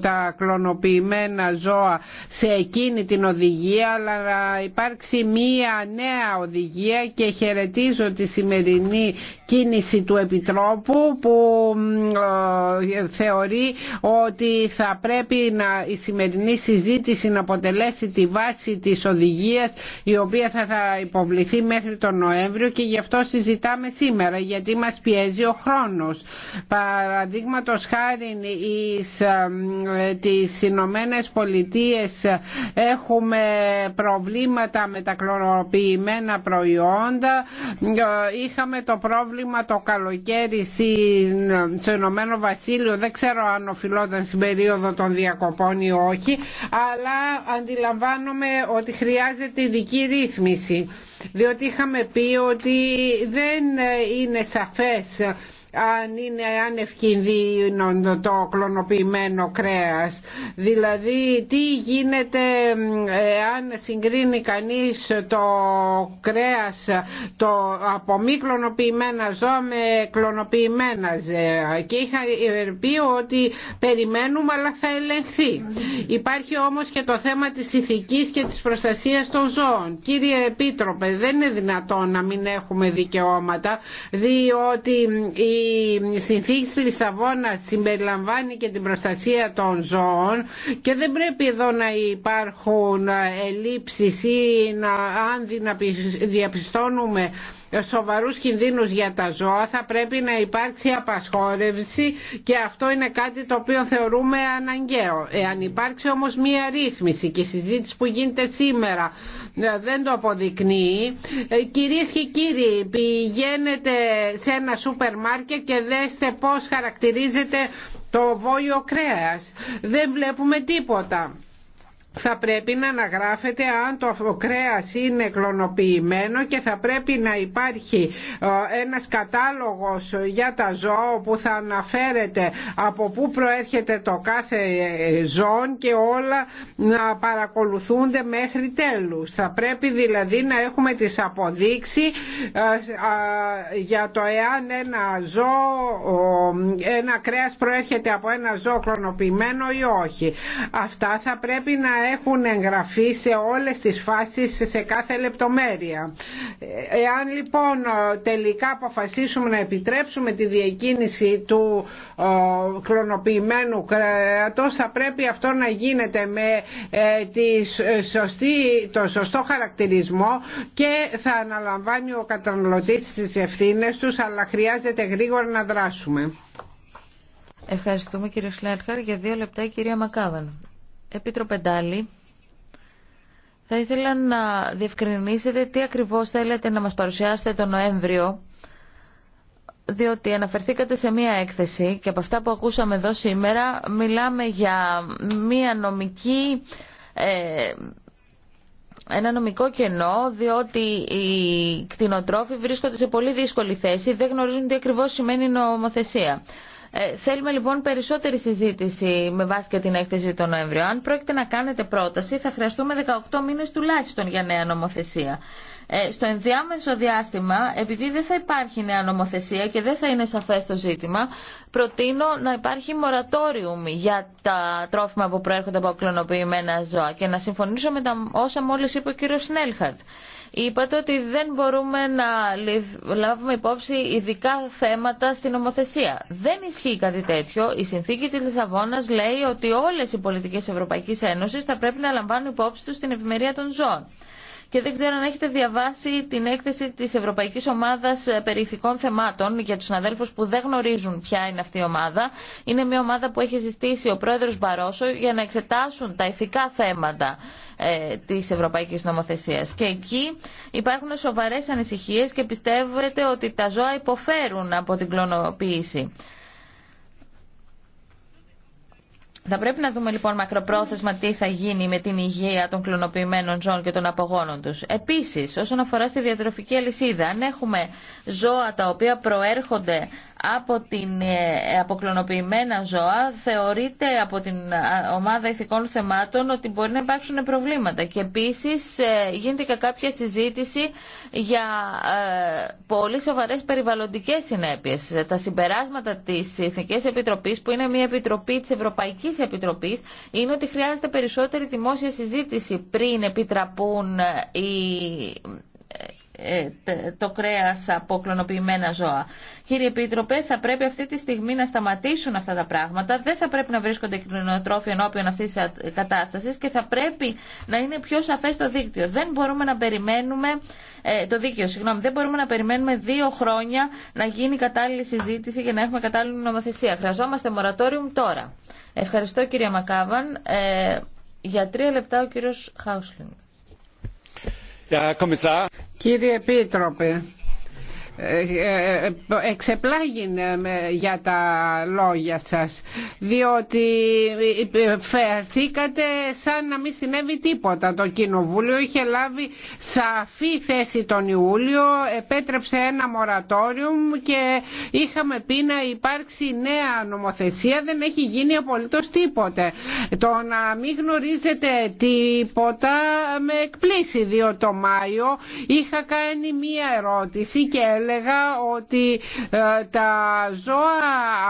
τα κλωνοποιημένα ζώα σε εκείνη την οδηγία αλλά να υπάρξει μία νέα οδηγία και χαιρετίζω τη σημερινή κίνηση του Επιτρόπου που ε, θεωρεί ότι ότι θα πρέπει να, η σημερινή συζήτηση να αποτελέσει τη βάση της οδηγίας η οποία θα, θα υποβληθεί μέχρι τον Νοέμβριο και γι' αυτό συζητάμε σήμερα γιατί μας πιέζει ο χρόνος. Παραδείγματο χάρη εις, ε, τις Ηνωμένε Πολιτείε έχουμε προβλήματα με τα κλωροποιημένα προϊόντα. Είχαμε το πρόβλημα το καλοκαίρι στο Ηνωμένο Βασίλειο, δεν ξέρω αν οφειλώ όταν στην περίοδο των διακοπών ή όχι, αλλά αντιλαμβάνομαι ότι χρειάζεται ειδική ρύθμιση, διότι είχαμε πει ότι δεν ε, είναι σαφές αν είναι ανευκινδύνο το κλωνοποιημένο κρέας. Δηλαδή τι γίνεται ε, αν συγκρίνει κανείς το κρέας το, από μη κλωνοποιημένα ζώα με κλωνοποιημένα ζώα και είχα ε, πει ότι περιμένουμε αλλά θα ελεγχθεί. Υπάρχει όμως και το θέμα της ηθικής και της προστασίας των ζώων. Κύριε Επίτροπε, δεν είναι δυνατόν να μην έχουμε δικαιώματα διότι η συνθήκη της Λισαβόνα συμπεριλαμβάνει και την προστασία των ζώων και δεν πρέπει εδώ να υπάρχουν ελλείψεις ή να, αν διαπιστώνουμε σοβαρούς κινδύνους για τα ζώα θα πρέπει να υπάρξει απασχόρευση και αυτό είναι κάτι το οποίο θεωρούμε αναγκαίο. Εάν υπάρξει όμως μία ρύθμιση και η συζήτηση που γίνεται σήμερα ε, δεν το αποδεικνύει, ε, κυρίες και κύριοι πηγαίνετε σε ένα σούπερ μάρκετ και δέστε πώς χαρακτηρίζεται το βόλιο κρέας. Δεν βλέπουμε τίποτα θα πρέπει να αναγράφεται αν το κρέας είναι κλωνοποιημένο και θα πρέπει να υπάρχει ε, ένας κατάλογος για τα ζώα που θα αναφέρεται από πού προέρχεται το κάθε ε, ζώο και όλα να παρακολουθούνται μέχρι τέλους. Θα πρέπει δηλαδή να έχουμε τις αποδείξεις ε, για το εάν ένα ζώο, ένα κρέας προέρχεται από ένα ζώο κλωνοποιημένο ή όχι. Αυτά θα πρέπει να έχουν εγγραφεί σε όλες τις φάσεις σε κάθε λεπτομέρεια. Εάν λοιπόν ε, τελικά αποφασίσουμε να επιτρέψουμε τη διακίνηση του ε, κλωνοποιημένου κρέατος θα πρέπει αυτό να γίνεται με ε, το σωστό χαρακτηρισμό και θα αναλαμβάνει ο καταναλωτής τις ευθύνες τους αλλά χρειάζεται γρήγορα να δράσουμε. Ευχαριστούμε κύριε Σλέρχαρ. Για δύο λεπτά κυρία Μακάβαν. Επίτροπε Ντάλη, θα ήθελα να διευκρινίσετε τι ακριβώς θέλετε να μας παρουσιάσετε τον Νοέμβριο, διότι αναφερθήκατε σε μία έκθεση και από αυτά που ακούσαμε εδώ σήμερα μιλάμε για μία νομική ε, ένα νομικό κενό, διότι οι κτηνοτρόφοι βρίσκονται σε πολύ δύσκολη θέση, δεν γνωρίζουν τι ακριβώς σημαίνει νομοθεσία. Ε, θέλουμε λοιπόν περισσότερη συζήτηση με βάση και την έκθεση του Νοεμβρίου. Αν πρόκειται να κάνετε πρόταση θα χρειαστούμε 18 μήνες τουλάχιστον για νέα νομοθεσία. Ε, στο ενδιάμεσο διάστημα, επειδή δεν θα υπάρχει νέα νομοθεσία και δεν θα είναι σαφέ το ζήτημα, προτείνω να υπάρχει μορατόριουμ για τα τρόφιμα που προέρχονται από κλωνοποιημένα ζώα και να συμφωνήσω με τα όσα μόλι είπε ο κύριος Σνέλχαρτ. Είπατε ότι δεν μπορούμε να λάβουμε υπόψη ειδικά θέματα στην νομοθεσία. Δεν ισχύει κάτι τέτοιο. Η συνθήκη της Λισαβόνα λέει ότι όλες οι πολιτικές Ευρωπαϊκής Ένωσης θα πρέπει να λαμβάνουν υπόψη τους την ευημερία των ζώων. Και δεν ξέρω αν έχετε διαβάσει την έκθεση τη Ευρωπαϊκή Ομάδα ε, Περιηθικών Θεμάτων για του συναδέλφου που δεν γνωρίζουν ποια είναι αυτή η ομάδα. Είναι μια ομάδα που έχει συστήσει ο πρόεδρο Μπαρόσο για να εξετάσουν τα ηθικά θέματα ε, της Ευρωπαϊκής Νομοθεσίας. Και εκεί υπάρχουν σοβαρές ανησυχίες και πιστεύετε ότι τα ζώα υποφέρουν από την κλωνοποίηση. Θα πρέπει να δούμε λοιπόν μακροπρόθεσμα τι θα γίνει με την υγεία των κλωνοποιημένων ζώων και των απογόνων τους. Επίσης, όσον αφορά στη διατροφική αλυσίδα, αν έχουμε ζώα τα οποία προέρχονται από την ε, αποκλωνοποιημένα ζώα θεωρείται από την ε, ομάδα ηθικών θεμάτων ότι μπορεί να υπάρξουν προβλήματα και επίσης ε, γίνεται και κάποια συζήτηση για πολύ σοβαρές περιβαλλοντικές συνέπειες. Τα συμπεράσματα της Εθνικής Επιτροπής που είναι μια επιτροπή της Ευρωπαϊκής Επιτροπής είναι ότι χρειάζεται περισσότερη δημόσια συζήτηση πριν επιτραπούν οι ε, το κρέας από κλωνοποιημένα ζώα. Κύριε Επίτροπε, θα πρέπει αυτή τη στιγμή να σταματήσουν αυτά τα πράγματα. Δεν θα πρέπει να βρίσκονται κτηνοτρόφοι ενώπιον αυτή της κατάσταση και θα πρέπει να είναι πιο σαφές το δίκτυο. Δεν μπορούμε να περιμένουμε ε, το δίκαιο, συγγνώμη. Δεν μπορούμε να περιμένουμε δύο χρόνια να γίνει κατάλληλη συζήτηση για να έχουμε κατάλληλη νομοθεσία. Χρειαζόμαστε μορατόριου τώρα. Ευχαριστώ κύριε Μακάβαν. Ε, για τρία λεπτά ο κύριος Χάουσλινγκ. Κύριε Επίτροπε, ε, ε, ε, εξεπλάγει για τα λόγια σας διότι φερθήκατε σαν να μην συνέβη τίποτα το Κοινοβούλιο είχε λάβει σαφή θέση τον Ιούλιο επέτρεψε ένα μορατόριου και είχαμε πει να υπάρξει νέα νομοθεσία δεν έχει γίνει απολύτως τίποτε το να μην γνωρίζετε τίποτα με εκπλήσει διότι το Μάιο είχα κάνει μία ερώτηση και έλεγα ότι ε, τα ζώα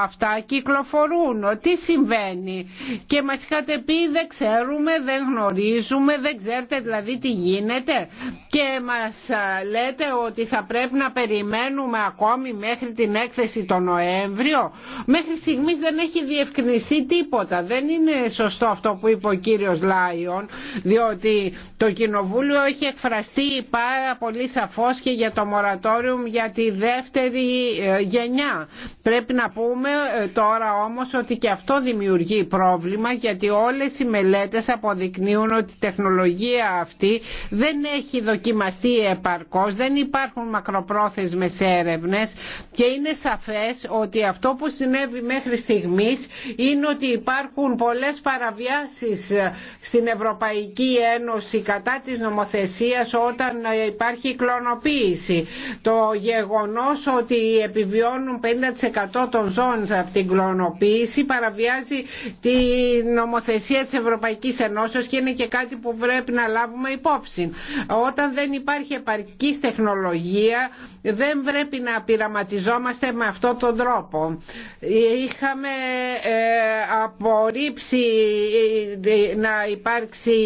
αυτά κυκλοφορούν. Τι συμβαίνει. Και μας είχατε πει δεν ξέρουμε, δεν γνωρίζουμε, δεν ξέρετε δηλαδή τι γίνεται. Και μας ε, λέτε ότι θα πρέπει να περιμένουμε ακόμη μέχρι την έκθεση τον Νοέμβριο. Μέχρι στιγμής δεν έχει διευκρινιστεί τίποτα. Δεν είναι σωστό αυτό που είπε ο κύριος Λάιον, διότι το Κοινοβούλιο έχει εκφραστεί πάρα πολύ σαφώς και για το μορατόριο για τη δεύτερη ε, γενιά. Πρέπει να πούμε ε, τώρα όμως ότι και αυτό δημιουργεί πρόβλημα γιατί όλες οι μελέτες αποδεικνύουν ότι η τεχνολογία αυτή δεν έχει δοκιμαστεί επαρκώς, δεν υπάρχουν μακροπρόθεσμες έρευνες και είναι σαφές ότι αυτό που συνέβη μέχρι στιγμής είναι ότι υπάρχουν πολλές παραβιάσεις ε, στην Ευρωπαϊκή Ένωση κατά της νομοθεσίας όταν υπάρχει κλωνοποίηση. Το γεγονός ότι επιβιώνουν 50% των ζώων από την κλωνοποίηση παραβιάζει τη νομοθεσία της Ευρωπαϊκής Ενώσεως και είναι και κάτι που πρέπει να λάβουμε υπόψη. Όταν δεν υπάρχει επαρκής τεχνολογία δεν πρέπει να πειραματιζόμαστε με αυτόν τον τρόπο. Είχαμε ε, απορρίψει ε, να υπάρξει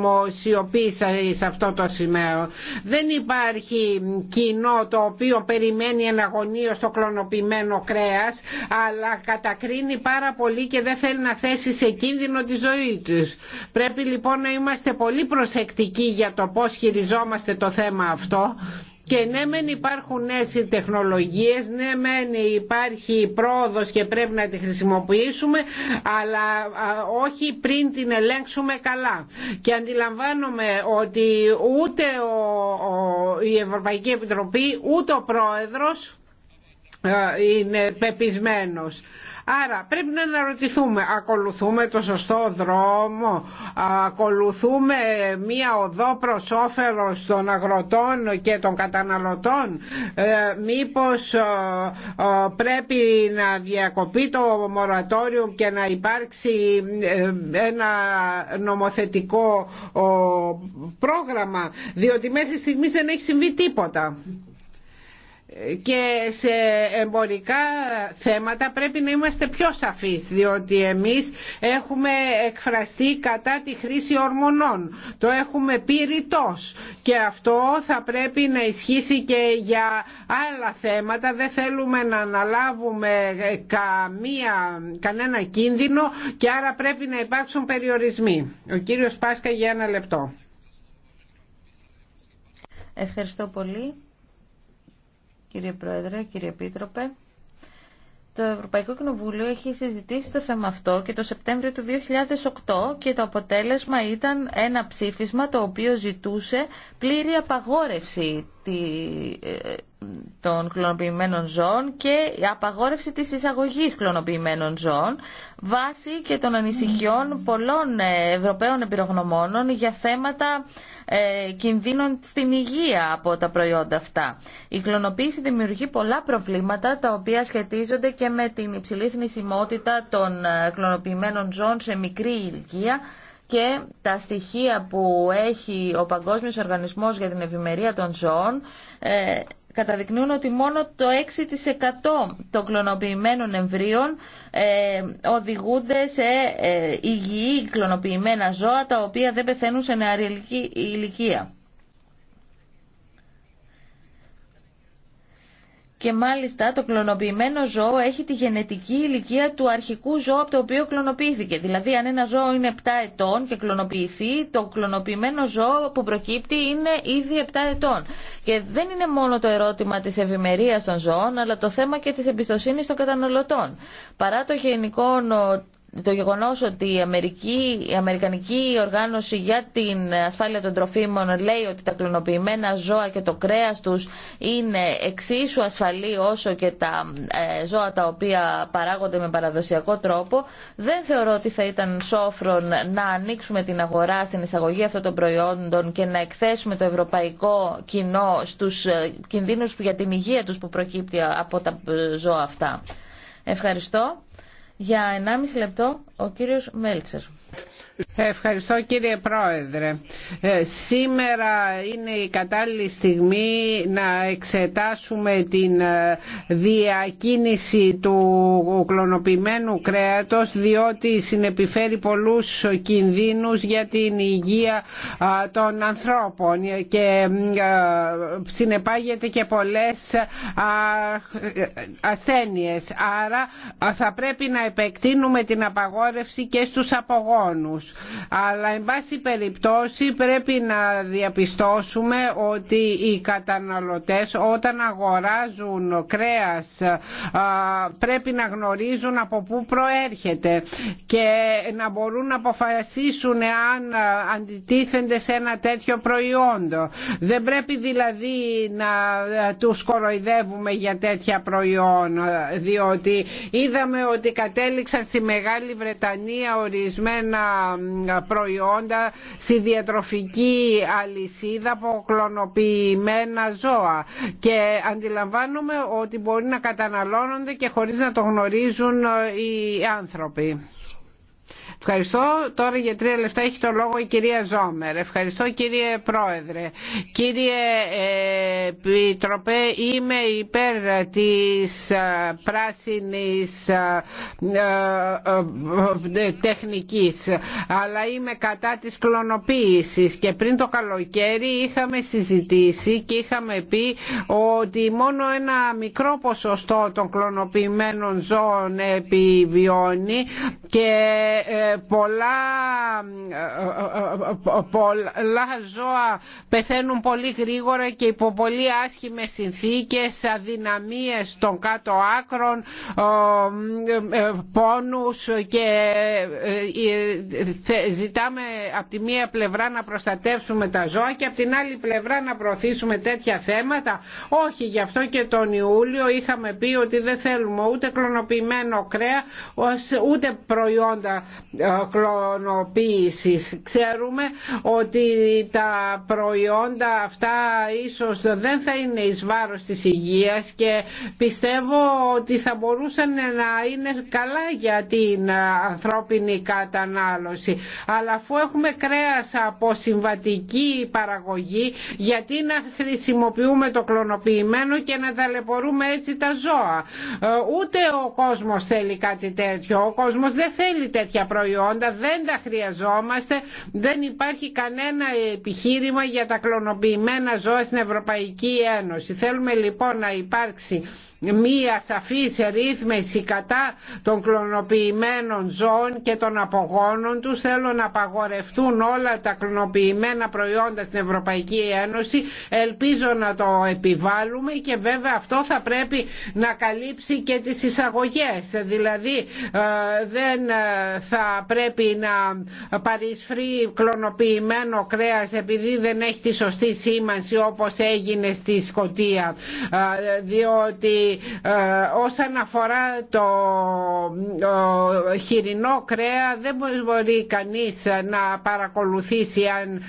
δημοσιοποίησα σε αυτό το σημείο. Δεν υπάρχει κοινό το οποίο περιμένει εναγωνίως στο κλωνοποιημένο κρέας αλλά κατακρίνει πάρα πολύ και δεν θέλει να θέσει σε κίνδυνο τη ζωή τους. Πρέπει λοιπόν να είμαστε πολύ προσεκτικοί για το πώς χειριζόμαστε το θέμα αυτό και ναι μεν υπάρχουν νέες τεχνολογίες, ναι μεν υπάρχει πρόοδος και πρέπει να τη χρησιμοποιήσουμε, αλλά όχι πριν την ελέγξουμε καλά. Και αντιλαμβάνομαι ότι ούτε η Ευρωπαϊκή Επιτροπή, ούτε ο Πρόεδρος είναι πεπισμένος. Άρα πρέπει να αναρωτηθούμε, ακολουθούμε το σωστό δρόμο, ακολουθούμε μία οδό προς όφελος των αγροτών και των καταναλωτών, ε, μήπως ε, ε, πρέπει να διακοπεί το μορατόριο και να υπάρξει ένα νομοθετικό πρόγραμμα, διότι μέχρι στιγμής δεν έχει συμβεί τίποτα και σε εμπορικά θέματα πρέπει να είμαστε πιο σαφείς διότι εμείς έχουμε εκφραστεί κατά τη χρήση ορμονών το έχουμε πει ρητός και αυτό θα πρέπει να ισχύσει και για άλλα θέματα δεν θέλουμε να αναλάβουμε καμία, κανένα κίνδυνο και άρα πρέπει να υπάρξουν περιορισμοί ο κύριος Πάσκα για ένα λεπτό Ευχαριστώ πολύ κύριε Πρόεδρε, κύριε Επίτροπε. Το Ευρωπαϊκό Κοινοβούλιο έχει συζητήσει το θέμα αυτό και το Σεπτέμβριο του 2008 και το αποτέλεσμα ήταν ένα ψήφισμα το οποίο ζητούσε πλήρη απαγόρευση ε, των κλωνοποιημένων ζώων και απαγόρευση της εισαγωγής κλωνοποιημένων ζώων βάσει και των ανησυχιών πολλών ε, Ευρωπαίων εμπειρογνωμόνων για θέματα ε, κινδύνων στην υγεία από τα προϊόντα αυτά. Η κλωνοποίηση δημιουργεί πολλά προβλήματα τα οποία σχετίζονται και με την υψηλή θνησιμότητα των ε, κλωνοποιημένων ζώων σε μικρή ηλικία και τα στοιχεία που έχει ο Παγκόσμιος Οργανισμός για την Ευημερία των Ζώων ε, καταδεικνύουν ότι μόνο το 6% των κλωνοποιημένων εμβρίων ε, οδηγούνται σε ε, υγιή κλωνοποιημένα ζώα τα οποία δεν πεθαίνουν σε νεαρή ηλικία. και μάλιστα το κλωνοποιημένο ζώο έχει τη γενετική ηλικία του αρχικού ζώου από το οποίο κλωνοποιήθηκε. Δηλαδή αν ένα ζώο είναι 7 ετών και κλωνοποιηθεί, το κλωνοποιημένο ζώο που προκύπτει είναι ήδη 7 ετών. Και δεν είναι μόνο το ερώτημα της ευημερία των ζώων, αλλά το θέμα και της εμπιστοσύνης των καταναλωτών. Παρά το γενικό το γεγονός ότι η, Αμερικανική Οργάνωση για την Ασφάλεια των Τροφίμων λέει ότι τα κλωνοποιημένα ζώα και το κρέας τους είναι εξίσου ασφαλή όσο και τα ε, ζώα τα οποία παράγονται με παραδοσιακό τρόπο, δεν θεωρώ ότι θα ήταν σόφρον να ανοίξουμε την αγορά στην εισαγωγή αυτών των προϊόντων και να εκθέσουμε το ευρωπαϊκό κοινό στους ε, κινδύνους για την υγεία τους που προκύπτει από τα ζώα αυτά. Ευχαριστώ. Για 1,5 λεπτό ο κύριος Μέλτσερ. Ευχαριστώ κύριε Πρόεδρε. Ε, σήμερα είναι η κατάλληλη στιγμή να εξετάσουμε την ε, διακίνηση του κλωνοποιημένου κρέατος διότι συνεπιφέρει πολλούς κινδύνους για την υγεία των ανθρώπων και ε, συνεπάγεται και πολλές ασθένειες. Άρα θα πρέπει να επεκτείνουμε την απαγόρευση και στους απογόνους. Αλλά εν πάση περιπτώσει πρέπει να διαπιστώσουμε ότι οι καταναλωτές όταν αγοράζουν κρέας πρέπει να γνωρίζουν από πού προέρχεται και να μπορούν να αποφασίσουν αν αντιτίθενται σε ένα τέτοιο προϊόντο. Δεν πρέπει δηλαδή να τους κοροϊδεύουμε για τέτοια προϊόντα διότι είδαμε ότι κατέ κατέληξαν στη Μεγάλη Βρετανία ορισμένα προϊόντα στη διατροφική αλυσίδα από κλωνοποιημένα ζώα και αντιλαμβάνομαι ότι μπορεί να καταναλώνονται και χωρίς να το γνωρίζουν ε, οι άνθρωποι. Ευχαριστώ. Τώρα για τρία λεφτά έχει το λόγο η κυρία Ζόμερ. Ευχαριστώ κύριε Πρόεδρε. Κύριε ε, πιτροπέ είμαι υπέρ της ε, πράσινης ε, τεχνικής, αλλά είμαι κατά της κλωνοποίησης και πριν το καλοκαίρι είχαμε συζητήσει και είχαμε πει ότι μόνο ένα μικρό ποσοστό των κλωνοποιημένων ζώων επιβιώνει και πολλά, ε, ε, ε, πολλά ζώα πεθαίνουν πολύ γρήγορα και υπό πολύ άσχημες συνθήκες, αδυναμίες των κάτω άκρων, πόνους και ζητάμε από τη μία πλευρά να προστατεύσουμε τα ζώα και από την άλλη πλευρά να προωθήσουμε τέτοια θέματα. Όχι, γι' αυτό και τον Ιούλιο είχαμε πει ότι δεν θέλουμε ούτε κλωνοποιημένο κρέα, ούτε προϊόντα κλωνοποίησης. Ξέρουμε ότι τα προϊόντα αυτά ίσως δεν θα είναι εις βάρος της υγείας και πιστεύω ότι θα μπορούσαν να είναι καλά για την ανθρώπινη κατανάλωση. Αλλά αφού έχουμε κρέας από συμβατική παραγωγή γιατί να χρησιμοποιούμε το κλωνοποιημένο και να ταλαιπωρούμε έτσι τα ζώα. Ε, ούτε ο κόσμος θέλει κάτι τέτοιο. Ο κόσμος δεν θέλει τέτοια προϊόντα προϊόντα, δεν τα χρειαζόμαστε, δεν υπάρχει κανένα επιχείρημα για τα κλωνοποιημένα ζώα στην Ευρωπαϊκή Ένωση. Θέλουμε λοιπόν να υπάρξει μία σαφής ρύθμιση κατά των κλωνοποιημένων ζώων και των απογόνων τους. Θέλω να απαγορευτούν όλα τα κλωνοποιημένα προϊόντα στην Ευρωπαϊκή Ένωση. Ελπίζω να το επιβάλλουμε και βέβαια αυτό θα πρέπει να καλύψει και τις εισαγωγές. Δηλαδή ε, δεν ε, θα πρέπει να παρισφρεί κλωνοποιημένο κρέας επειδή δεν έχει τη σωστή σήμανση όπως έγινε στη Σκοτία. Ε, διότι ε, όσον αφορά το χοιρινό κρέα δεν μπορεί κανείς να παρακολουθήσει αν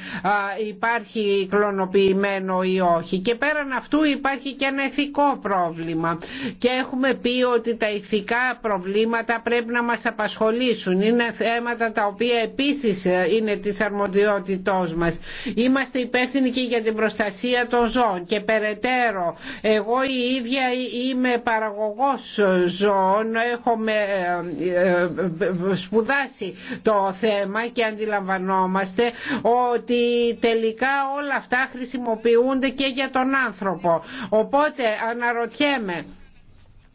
υπάρχει κλωνοποιημένο ή όχι. Και πέραν αυτού υπάρχει και ένα ηθικό πρόβλημα. Και έχουμε πει ότι τα ηθικά προβλήματα πρέπει να μας απασχολήσουν. Είναι θέματα τα οποία επίσης ε, είναι της αρμοδιότητός μας. Είμαστε υπεύθυνοι και για την προστασία των ζώων. Και περαιτέρω, εγώ η ίδια είμαι παραγωγός ζώων, έχουμε ε, ε, σπουδάσει το θέμα και αντιλαμβανόμαστε ότι τελικά όλα αυτά χρησιμοποιούνται και για τον άνθρωπο. Οπότε αναρωτιέμαι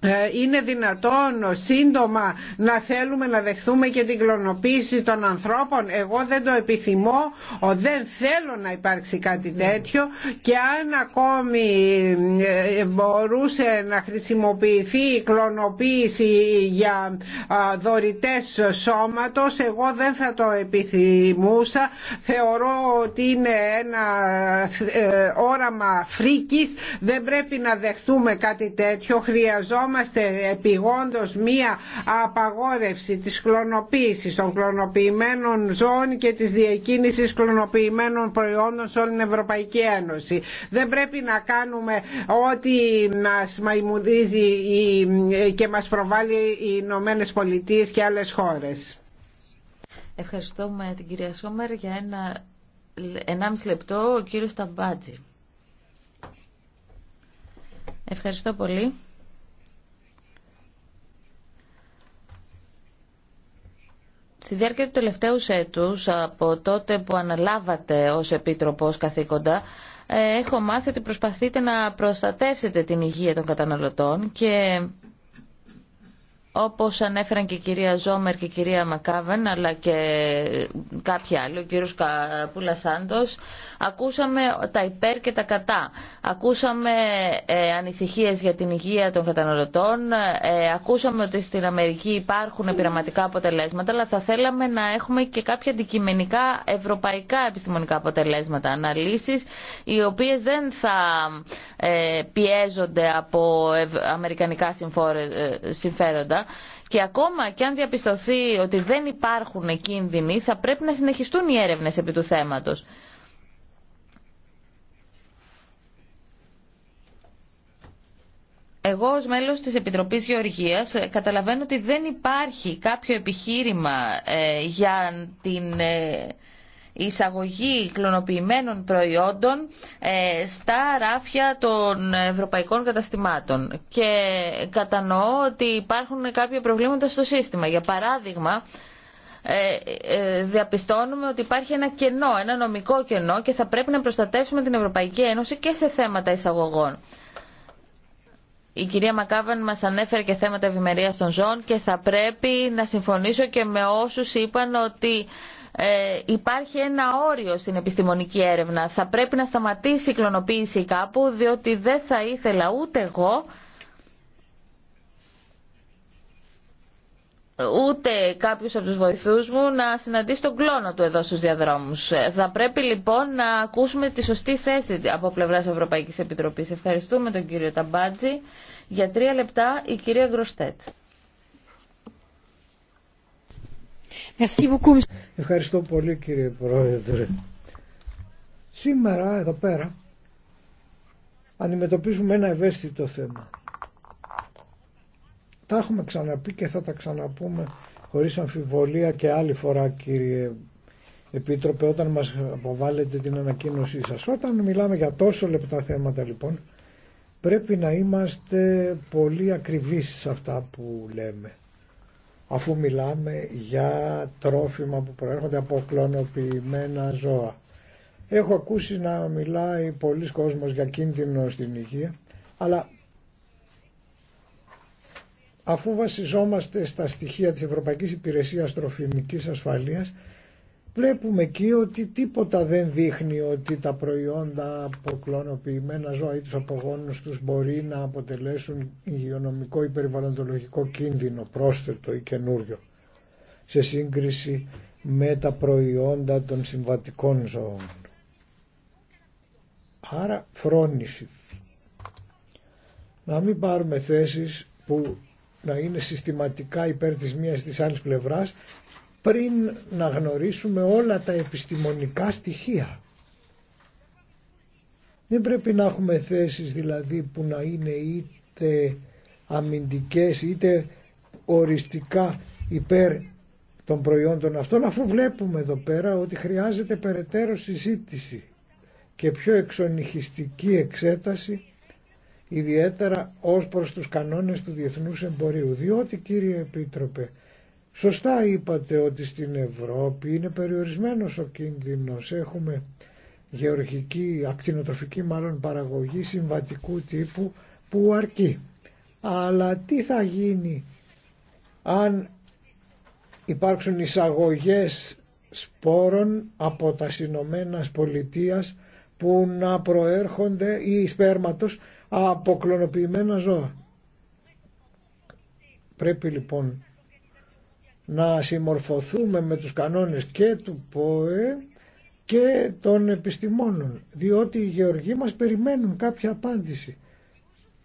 ε, είναι δυνατόν σύντομα να θέλουμε να δεχθούμε και την κλωνοποίηση των ανθρώπων εγώ δεν το επιθυμώ δεν θέλω να υπάρξει κάτι τέτοιο και αν ακόμη ε, μπορούσε να χρησιμοποιηθεί η κλωνοποίηση για δωρητές σώματος εγώ δεν θα το επιθυμούσα θεωρώ ότι είναι ένα ε, όραμα φρίκης δεν πρέπει να δεχθούμε κάτι τέτοιο χρειαζόμαστε Είμαστε επιγόντως μία απαγόρευση της κλωνοποίησης των κλωνοποιημένων ζώων και της διακίνησης κλωνοποιημένων προϊόντων σε όλη την Ευρωπαϊκή Ένωση. Δεν πρέπει να κάνουμε ό,τι μας μαϊμουδίζει και μας προβάλλει οι Ηνωμένε Πολιτείε και άλλες χώρες. με την κυρία Σόμερ για ένα 1,5 λεπτό ο κύριος Ταμπάτζη. Ευχαριστώ πολύ. Στη διάρκεια του τελευταίου έτους, από τότε που αναλάβατε ως Επίτροπος καθήκοντα, ε, έχω μάθει ότι προσπαθείτε να προστατεύσετε την υγεία των καταναλωτών και όπως ανέφεραν και η κυρία Ζόμερ και η κυρία Μακάβεν, αλλά και κάποιοι άλλοι, ο κύριος Καπούλα Σάντος, ακούσαμε τα υπέρ και τα κατά. Ακούσαμε ε, ανησυχίες για την υγεία των καταναλωτών, ε, ακούσαμε ότι στην Αμερική υπάρχουν πειραματικά αποτελέσματα, αλλά θα θέλαμε να έχουμε και κάποια αντικειμενικά ευρωπαϊκά επιστημονικά αποτελέσματα, αναλύσεις, οι οποίες δεν θα ε, πιέζονται από αμερικανικά ε, συμφέροντα και ακόμα και αν διαπιστωθεί ότι δεν υπάρχουν κίνδυνοι θα πρέπει να συνεχιστούν οι έρευνες επί του θέματος. Εγώ ως μέλος της Επιτροπής Γεωργίας ε, καταλαβαίνω ότι δεν υπάρχει κάποιο επιχείρημα ε, για την... Ε, η εισαγωγή κλωνοποιημένων προϊόντων ε, στα ράφια των ευρωπαϊκών καταστημάτων. Και κατανοώ ότι υπάρχουν κάποια προβλήματα στο σύστημα. Για παράδειγμα, ε, ε, διαπιστώνουμε ότι υπάρχει ένα κενό, ένα νομικό κενό και θα πρέπει να προστατεύσουμε την Ευρωπαϊκή Ένωση και σε θέματα εισαγωγών. Η κυρία Μακάβαν μας ανέφερε και θέματα ευημερία των ζώων και θα πρέπει να συμφωνήσω και με όσους είπαν ότι ε, υπάρχει ένα όριο στην επιστημονική έρευνα. Θα πρέπει να σταματήσει η κλωνοποίηση κάπου, διότι δεν θα ήθελα ούτε εγώ ούτε κάποιος από τους βοηθούς μου να συναντήσει τον κλόνο του εδώ στους διαδρόμους. Ε, θα πρέπει λοιπόν να ακούσουμε τη σωστή θέση από πλευράς Ευρωπαϊκής Επιτροπής. Ευχαριστούμε τον κύριο Ταμπάτζη. Για τρία λεπτά η κυρία Γκροστέτ. Ευχαριστώ πολύ κύριε Πρόεδρε. Σήμερα εδώ πέρα αντιμετωπίζουμε ένα ευαίσθητο θέμα. Τα έχουμε ξαναπεί και θα τα ξαναπούμε χωρίς αμφιβολία και άλλη φορά κύριε Επίτροπε όταν μας αποβάλλετε την ανακοίνωσή σας. Όταν μιλάμε για τόσο λεπτά θέματα λοιπόν πρέπει να είμαστε πολύ ακριβείς σε αυτά που λέμε αφού μιλάμε για τρόφιμα που προέρχονται από κλωνοποιημένα ζώα. Έχω ακούσει να μιλάει πολλοί κόσμος για κίνδυνο στην υγεία, αλλά αφού βασιζόμαστε στα στοιχεία της Ευρωπαϊκής Υπηρεσίας Τροφιμικής Ασφαλείας, βλέπουμε εκεί ότι τίποτα δεν δείχνει ότι τα προϊόντα από ζώα ή τους απογόνους τους μπορεί να αποτελέσουν υγειονομικό ή περιβαλλοντολογικό κίνδυνο πρόσθετο ή καινούριο σε σύγκριση με τα προϊόντα των συμβατικών ζώων. Άρα φρόνηση. Να μην πάρουμε θέσεις που να είναι συστηματικά υπέρ της μίας της άλλης πλευράς πριν να γνωρίσουμε όλα τα επιστημονικά στοιχεία. Δεν πρέπει να έχουμε θέσεις δηλαδή που να είναι είτε αμυντικές είτε οριστικά υπέρ των προϊόντων αυτών αφού βλέπουμε εδώ πέρα ότι χρειάζεται περαιτέρω συζήτηση και πιο εξονυχιστική εξέταση ιδιαίτερα ως προς τους κανόνες του διεθνούς εμπορίου διότι κύριε Επίτροπε Σωστά είπατε ότι στην Ευρώπη είναι περιορισμένος ο κίνδυνος. Έχουμε γεωργική, ακτινοτροφική μάλλον παραγωγή συμβατικού τύπου που αρκεί. Αλλά τι θα γίνει αν υπάρξουν εισαγωγές σπόρων από τα Συνωμένα Πολιτεία που να προέρχονται ή σπέρματος από κλωνοποιημένα ζώα. Πρέπει λοιπόν να συμμορφωθούμε με τους κανόνες και του ΠΟΕ και των επιστημόνων διότι οι γεωργοί μας περιμένουν κάποια απάντηση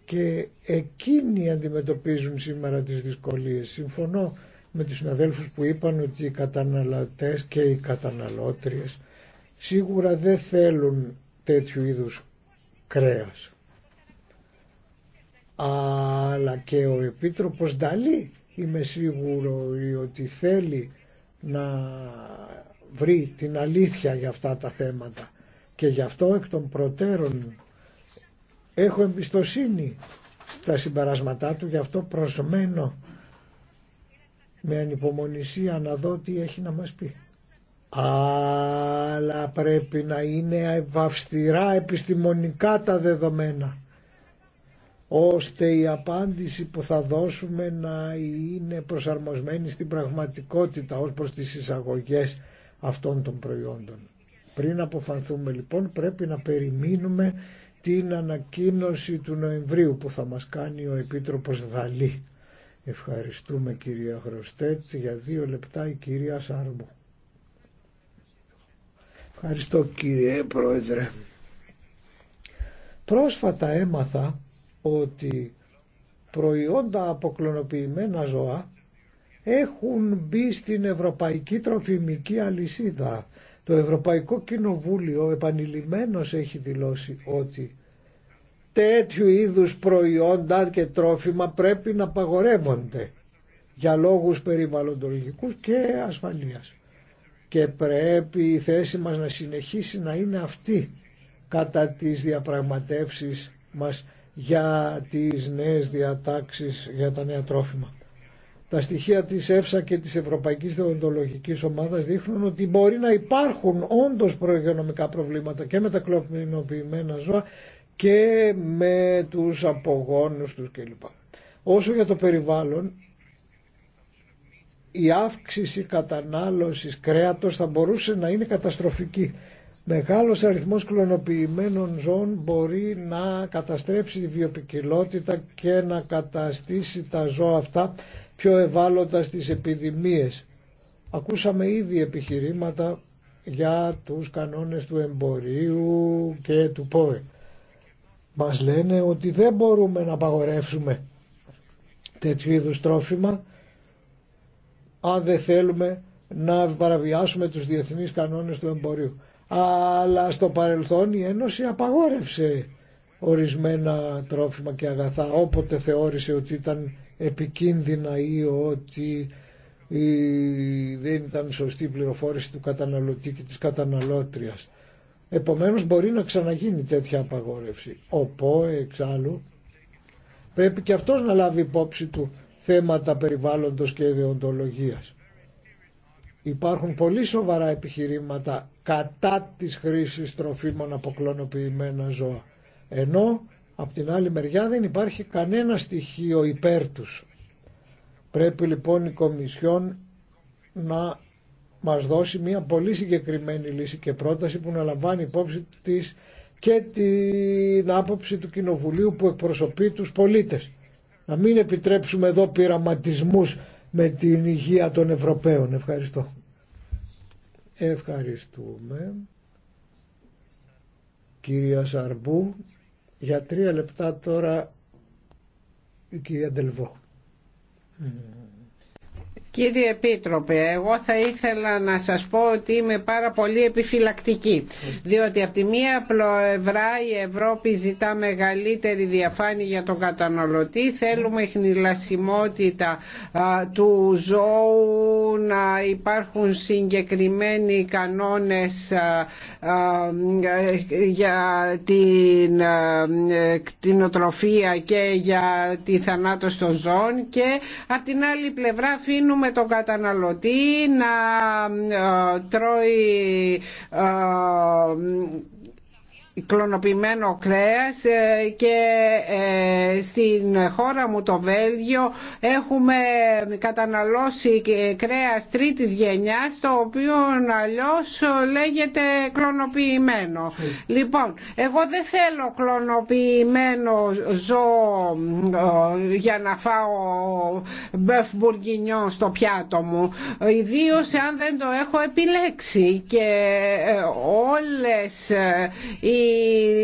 και εκείνοι αντιμετωπίζουν σήμερα τις δυσκολίες. Συμφωνώ με τους συναδέλφους που είπαν ότι οι καταναλωτές και οι καταναλώτριες σίγουρα δεν θέλουν τέτοιου είδους κρέας. Αλλά και ο Επίτροπος Νταλή είμαι σίγουρο ότι θέλει να βρει την αλήθεια για αυτά τα θέματα και γι' αυτό εκ των προτέρων έχω εμπιστοσύνη στα συμπαρασμάτά του γι' αυτό προσμένω με ανυπομονησία να δω τι έχει να μας πει αλλά πρέπει να είναι ευαυστηρά επιστημονικά τα δεδομένα ώστε η απάντηση που θα δώσουμε να είναι προσαρμοσμένη στην πραγματικότητα ως προς τις εισαγωγές αυτών των προϊόντων. Πριν αποφανθούμε λοιπόν πρέπει να περιμείνουμε την ανακοίνωση του Νοεμβρίου που θα μας κάνει ο Επίτροπος Δαλή. Ευχαριστούμε κυρία Χρωστέτ για δύο λεπτά η κυρία Σάρμου. Ευχαριστώ κύριε Πρόεδρε. Πρόσφατα έμαθα ότι προϊόντα από ζώα έχουν μπει στην Ευρωπαϊκή Τροφιμική Αλυσίδα. Το Ευρωπαϊκό Κοινοβούλιο επανειλημμένος έχει δηλώσει ότι τέτοιου είδους προϊόντα και τρόφιμα πρέπει να παγορεύονται για λόγους περιβαλλοντολογικούς και ασφαλείας. Και πρέπει η θέση μας να συνεχίσει να είναι αυτή κατά τις διαπραγματεύσεις μας για τις νέες διατάξεις για τα νέα τρόφιμα. Τα στοιχεία της ΕΦΣΑ και της Ευρωπαϊκής Δεοντολογικής Ομάδας δείχνουν ότι μπορεί να υπάρχουν όντως προϊονομικά προβλήματα και με τα κλωνοποιημένα ζώα και με τους απογόνους τους κλπ. Όσο για το περιβάλλον, η αύξηση κατανάλωσης κρέατος θα μπορούσε να είναι καταστροφική Μεγάλος αριθμός κλωνοποιημένων ζώων μπορεί να καταστρέψει τη βιοπικιλότητα και να καταστήσει τα ζώα αυτά πιο ευάλωτα στις επιδημίες. Ακούσαμε ήδη επιχειρήματα για τους κανόνες του εμπορίου και του ΠΟΕ. Μας λένε ότι δεν μπορούμε να απαγορεύσουμε τέτοιου είδους τρόφιμα αν δεν θέλουμε να παραβιάσουμε τους διεθνείς κανόνες του εμπορίου αλλά στο παρελθόν η Ένωση απαγόρευσε ορισμένα τρόφιμα και αγαθά όποτε θεώρησε ότι ήταν επικίνδυνα ή ότι δεν ήταν σωστή η πληροφόρηση του καταναλωτή και της καταναλώτριας. Επομένως μπορεί να ξαναγίνει τέτοια απαγόρευση. Οπό εξάλλου πρέπει και αυτός να λάβει υπόψη του θέματα περιβάλλοντος και ιδεοντολογίας. Υπάρχουν πολύ σοβαρά επιχειρήματα κατά της χρήσης τροφίμων από κλωνοποιημένα ζώα. Ενώ από την άλλη μεριά δεν υπάρχει κανένα στοιχείο υπέρ τους. Πρέπει λοιπόν η Κομισιόν να μας δώσει μια πολύ συγκεκριμένη λύση και πρόταση που να λαμβάνει υπόψη της και την άποψη του Κοινοβουλίου που εκπροσωπεί τους πολίτες. Να μην επιτρέψουμε εδώ πειραματισμούς με την υγεία των Ευρωπαίων. Ευχαριστώ. Ευχαριστούμε. Κυρία Σαρμπού, για τρία λεπτά τώρα η κυρία Ντελβό. Κύριε Επίτροπε, εγώ θα ήθελα να σας πω ότι είμαι πάρα πολύ επιφυλακτική, διότι από τη μία πλευρά η Ευρώπη ζητά μεγαλύτερη διαφάνεια για τον καταναλωτή, θέλουμε χνηλασιμότητα του ζώου, να υπάρχουν συγκεκριμένοι κανόνες για την κτηνοτροφία και για τη θανάτωση των ζώων και από την άλλη πλευρά αφήνουμε με τον καταναλωτή να ε, τρώει ε, κλωνοποιημένο κρέας ε, και ε, στην χώρα μου το Βέλγιο έχουμε καταναλώσει ε, κρέας τρίτης γενιάς το οποίο αλλιώς λέγεται κλωνοποιημένο. Λοιπόν, εγώ δεν θέλω κλωνοποιημένο ζώο για να φάω μπεφ στο πιάτο μου ιδίω αν δεν το έχω επιλέξει και όλες οι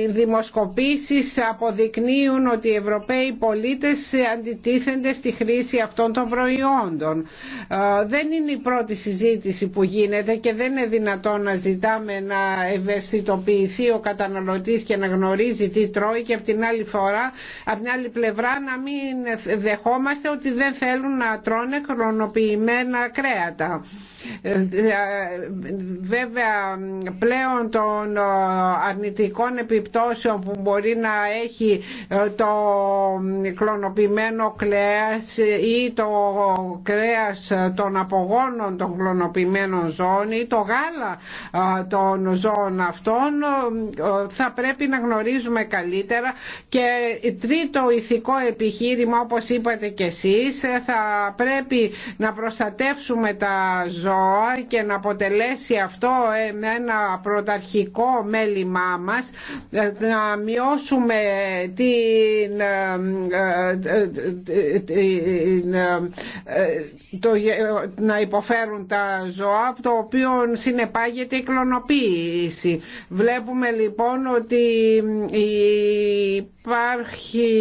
δημοσκοπήσεις αποδεικνύουν ότι οι Ευρωπαίοι πολίτες αντιτίθενται στη χρήση αυτών των προϊόντων. Ε, δεν είναι η πρώτη συζήτηση που γίνεται και δεν είναι δυνατόν να ζητάμε να ευαισθητοποιηθεί ο καταναλωτής και να γνωρίζει τι τρώει και από την άλλη φορά, από την άλλη πλευρά να μην δεχόμαστε ότι δεν θέλουν να τρώνε χρονοποιημένα κρέατα. Βέβαια πλέον των ε, αρνητικών επιπτώσεων που μπορεί να έχει ε, το ε, κλωνοποιημένο κρέας ή το κρέας των απογόνων των κλωνοποιημένων ζώων ή το γάλα των ζώων αυτών θα πρέπει να γνωρίζουμε καλύτερα και τρίτο ηθικό επιχείρημα όπως είπατε και εσείς θα πρέπει να προστατεύσουμε τα ζώα και να αποτελέσει αυτό ένα πρωταρχικό μέλημά μας να μειώσουμε την, ε, ε, ε, να υποφέρουν τα ζώα από το οποίο συνεπάγεται η κλωνοποίηση. Βλέπουμε λοιπόν ότι υπάρχει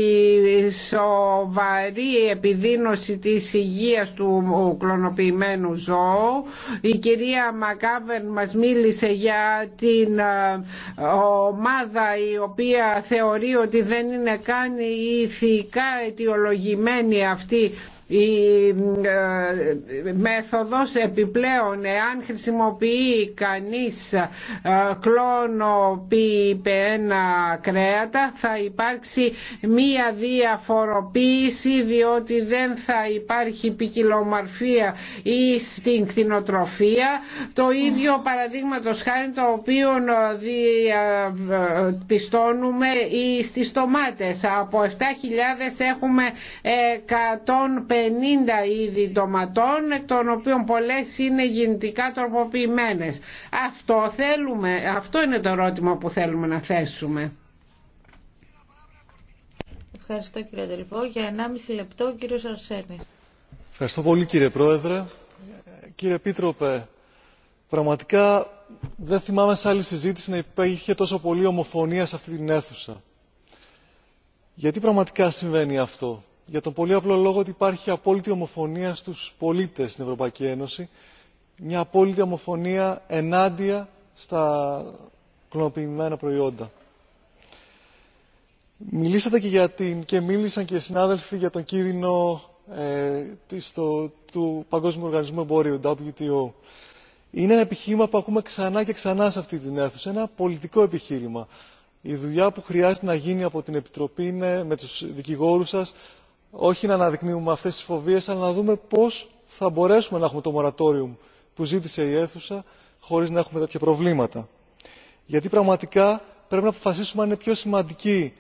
σοβαρή επιδείνωση της υγείας του κλωνοποιημένου ζώου η κυρία Μακάβερ μας μίλησε για την ε, ομάδα η οποία θεωρεί ότι δεν είναι καν η ηθικά αιτιολογημένη αυτή η ε, μέθοδος επιπλέον εάν χρησιμοποιεί κανείς ε, κλόνο πιπένα κρέατα θα υπάρξει μία διαφοροποίηση διότι δεν θα υπάρχει ποικιλομορφία ή στην κτηνοτροφία το ίδιο παραδείγματο χάρη το οποίο πιστώνουμε ή στις τομάτες από 7.000 έχουμε 150 είδη ντοματών των οποίων πολλές είναι γεννητικά τροποποιημένες. Αυτό, θέλουμε, αυτό είναι το ερώτημα που θέλουμε να θέσουμε. Ευχαριστώ κύριε Αντελφό. Για 1,5 λεπτό ο κύριος Αρσένη. Ευχαριστώ πολύ κύριε Πρόεδρε. Κύριε Πίτροπε, πραγματικά δεν θυμάμαι σε άλλη συζήτηση να υπήρχε τόσο πολύ ομοφωνία σε αυτή την αίθουσα. Γιατί πραγματικά συμβαίνει αυτό για τον πολύ απλό λόγο ότι υπάρχει απόλυτη ομοφωνία στους πολίτες στην Ευρωπαϊκή Ένωση, μια απόλυτη ομοφωνία ενάντια στα κλωνοποιημένα προϊόντα. Μιλήσατε και για την, και μίλησαν και οι συνάδελφοι για τον κίνδυνο ε, της, του Παγκόσμιου Οργανισμού Εμπορίου, WTO. Είναι ένα επιχείρημα που ακούμε ξανά και ξανά σε αυτή την αίθουσα, ένα πολιτικό επιχείρημα. Η δουλειά που χρειάζεται να γίνει από την Επιτροπή είναι με τους δικηγόρους σας όχι να αναδεικνύουμε αυτές τις φοβίες αλλά να δούμε πώς θα μπορέσουμε να έχουμε το moratorium που ζήτησε η αίθουσα χωρίς να έχουμε τέτοια προβλήματα. Γιατί πραγματικά πρέπει να αποφασίσουμε αν είναι πιο σημαντική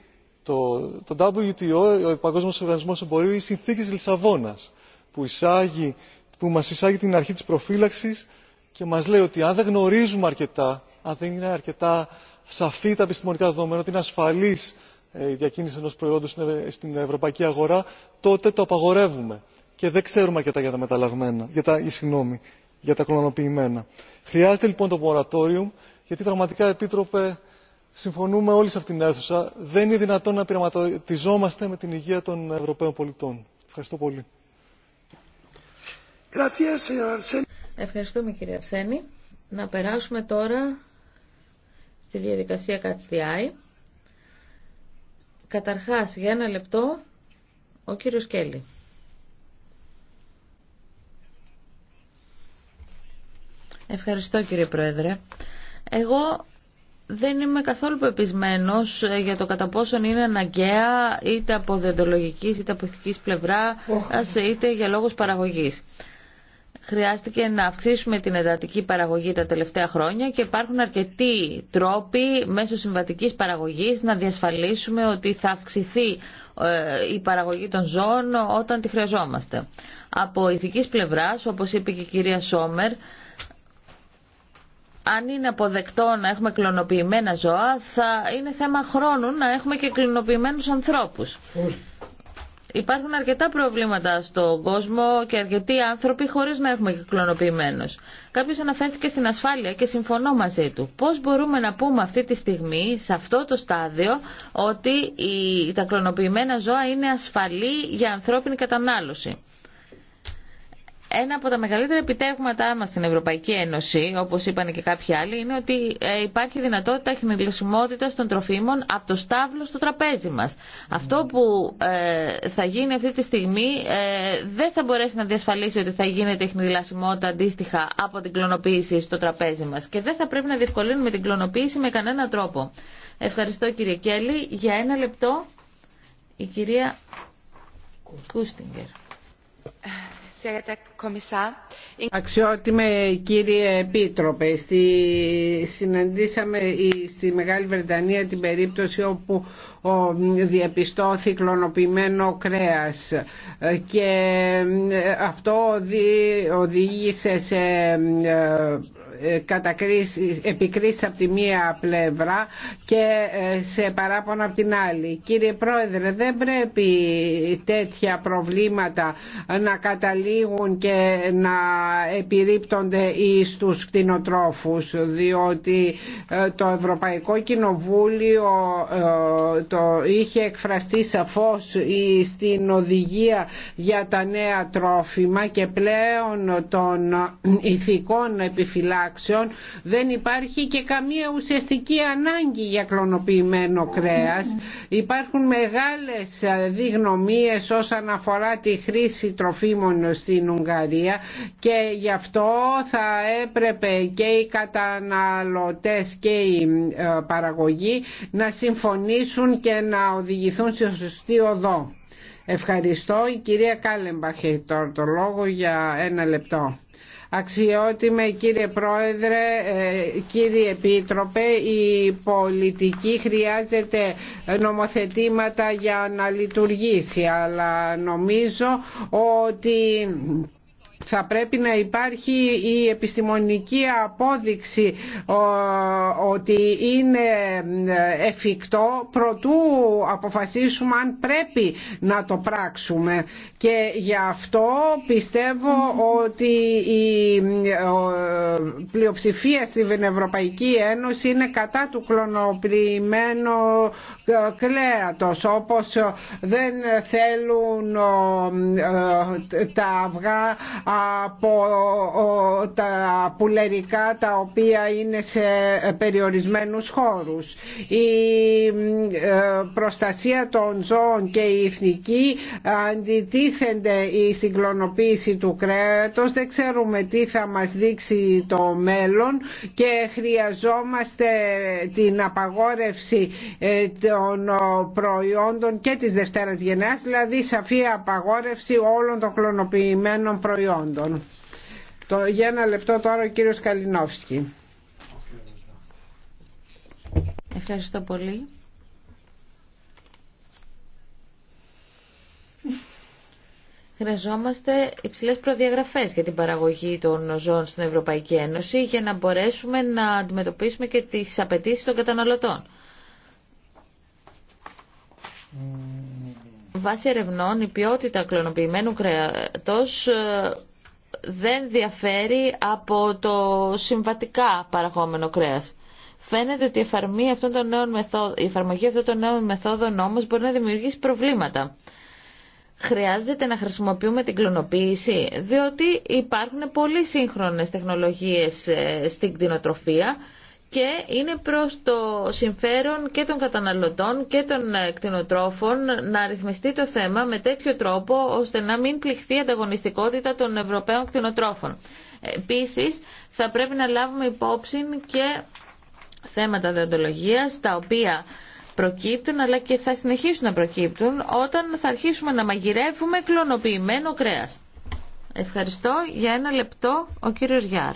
το, WTO, ο Παγκόσμιος Οργανισμός Εμπορίου, η συνθήκη της Λισαβόνας που, εισάγει, που μας εισάγει την αρχή της προφύλαξης και μας λέει ότι αν δεν γνωρίζουμε αρκετά, αν δεν είναι αρκετά σαφή τα επιστημονικά δεδομένα, ότι είναι ασφαλής ε, η διακίνηση ενός προϊόντος ε, στην ευρωπαϊκή αγορά τότε το απαγορεύουμε και δεν ξέρουμε αρκετά για τα μεταλλαγμένα, για τα, συγγνώμη, για τα κλωνοποιημένα. Χρειάζεται λοιπόν το moratorium γιατί πραγματικά επίτροπε συμφωνούμε όλοι σε αυτήν την αίθουσα δεν είναι δυνατόν να πειραματιζόμαστε με την υγεία των Ευρωπαίων πολιτών. Ευχαριστώ πολύ. Ευχαριστούμε κύριε Αρσένη. Να περάσουμε τώρα στη διαδικασία Κατσδιάη. Καταρχάς, για ένα λεπτό, ο κύριος Κέλλη. Ευχαριστώ κύριε Πρόεδρε. Εγώ δεν είμαι καθόλου πεπισμένος ε, για το κατά πόσον είναι αναγκαία είτε από δεντολογικής είτε από ηθικής πλευρά είτε για λόγους παραγωγής χρειάστηκε να αυξήσουμε την εντατική παραγωγή τα τελευταία χρόνια και υπάρχουν αρκετοί τρόποι μέσω συμβατικής παραγωγής να διασφαλίσουμε ότι θα αυξηθεί ε, η παραγωγή των ζώων όταν τη χρειαζόμαστε. Από ηθικής πλευράς, όπως είπε και η κυρία Σόμερ, αν είναι αποδεκτό να έχουμε κλωνοποιημένα ζώα, θα είναι θέμα χρόνου να έχουμε και κλωνοποιημένους ανθρώπους. Υπάρχουν αρκετά προβλήματα στον κόσμο και αρκετοί άνθρωποι χωρί να έχουμε κυκλωνοποιημένου. Κάποιο αναφέρθηκε στην ασφάλεια και συμφωνώ μαζί του. Πώ μπορούμε να πούμε αυτή τη στιγμή, σε αυτό το στάδιο, ότι τα κλωνοποιημένα ζώα είναι ασφαλή για ανθρώπινη κατανάλωση ένα από τα μεγαλύτερα επιτεύγματά μα στην Ευρωπαϊκή Ένωση, όπω είπαν και κάποιοι άλλοι, είναι ότι ε, υπάρχει δυνατότητα χνηλωσιμότητα των τροφίμων από το στάβλο στο τραπέζι μας. Αυτό που ε, θα γίνει αυτή τη στιγμή ε, δεν θα μπορέσει να διασφαλίσει ότι θα γίνεται η αντίστοιχα από την κλωνοποίηση στο τραπέζι μα. και δεν θα πρέπει να διευκολύνουμε την κλωνοποίηση με κανέναν τρόπο. Ευχαριστώ κύριε Κέλλη. Για ένα λεπτό η κυρία Κούστιγκερ. Αξιότιμε κύριε Επίτροπε, συναντήσαμε στη Μεγάλη Βρετανία την περίπτωση όπου διαπιστώθη κλωνοποιημένο κρέας και ε, αυτό οδήγησε σε ε, ε, Επικρίσει από τη μία πλευρά και ε, σε παράπονα από την άλλη. Κύριε Πρόεδρε, δεν πρέπει τέτοια προβλήματα να καταλήγουν και να επιρρύπτονται στους κτηνοτρόφους, διότι ε, το Ευρωπαϊκό Κοινοβούλιο το είχε εκφραστεί σαφώς στην οδηγία για τα νέα τρόφιμα και πλέον των ηθικών επιφυλάξεων δεν υπάρχει και καμία ουσιαστική ανάγκη για κλωνοποιημένο κρέας. Υπάρχουν μεγάλες διγνωμίες όσον αφορά τη χρήση τροφίμων στην Ουγγαρία και γι' αυτό θα έπρεπε και οι καταναλωτές και οι ε, παραγωγοί να συμφωνήσουν και να οδηγηθούν σε σωστή οδό. Ευχαριστώ. Η κυρία Κάλεμπαχ έχει τώρα το λόγο για ένα λεπτό. Αξιότιμε κύριε Πρόεδρε, ε, κύριε Επίτροπε, η πολιτική χρειάζεται νομοθετήματα για να λειτουργήσει, αλλά νομίζω ότι θα πρέπει να υπάρχει η επιστημονική απόδειξη ότι είναι εφικτό προτού αποφασίσουμε αν πρέπει να το πράξουμε και γι' αυτό πιστεύω ότι η πλειοψηφία στην Ευρωπαϊκή Ένωση είναι κατά του κλωνοποιημένου ε, κλέατος όπως δεν θέλουν ε, ε, τα αυγά από τα πουλερικά τα οποία είναι σε περιορισμένους χώρους. Η ε, προστασία των ζώων και η εθνική αντιτίθενται στην κλωνοποίηση του κρέατος. Δεν ξέρουμε τι θα μας δείξει το μέλλον και χρειαζόμαστε την απαγόρευση ε, των προϊόντων και της δευτέρας γενιάς, δηλαδή σαφή απαγόρευση όλων των κλωνοποιημένων προϊόντων. Το, για ένα λεπτό τώρα ο κύριος Καλινόφσκι. Ευχαριστώ πολύ. Χρειαζόμαστε υψηλέ προδιαγραφέ για την παραγωγή των ζώων στην Ευρωπαϊκή Ένωση για να μπορέσουμε να αντιμετωπίσουμε και τι απαιτήσει των καταναλωτών. Βάσει ερευνών, η ποιότητα κλωνοποιημένου κρέατος ε, δεν διαφέρει από το συμβατικά παραγόμενο κρέας. Φαίνεται ότι η, αυτών των νέων η εφαρμογή αυτών των νέων μεθόδων όμως μπορεί να δημιουργήσει προβλήματα. Χρειάζεται να χρησιμοποιούμε την κλωνοποίηση, διότι υπάρχουν πολύ σύγχρονες τεχνολογίες ε, στην κτηνοτροφία, και είναι προς το συμφέρον και των καταναλωτών και των ε, κτηνοτρόφων να ρυθμιστεί το θέμα με τέτοιο τρόπο ώστε να μην πληχθεί η ανταγωνιστικότητα των Ευρωπαίων κτηνοτρόφων. Επίσης, θα πρέπει να λάβουμε υπόψη και θέματα δεοντολογίας, τα οποία προκύπτουν αλλά και θα συνεχίσουν να προκύπτουν όταν θα αρχίσουμε να μαγειρεύουμε κλωνοποιημένο κρέας. Ευχαριστώ. Για ένα λεπτό, ο κύριος Γιάρ.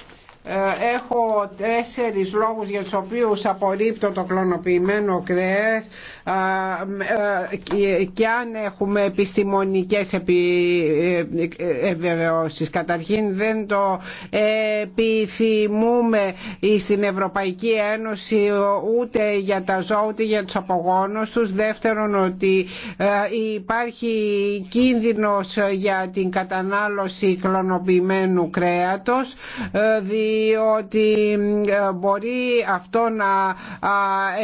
Ε, έχω τέσσερις λόγους για τους οποίους απορρίπτω το κλωνοποιημένο κρέας ε, και αν έχουμε επιστημονικές επιβεβαιώσεις. Ε, Καταρχήν δεν το επιθυμούμε στην Ευρωπαϊκή Ένωση ούτε για τα ζώα ούτε για τους απογόνους τους. Δεύτερον ότι υπάρχει κίνδυνος για την κατανάλωση κλωνοποιημένου κρέατος δι διότι ε, μπορεί αυτό να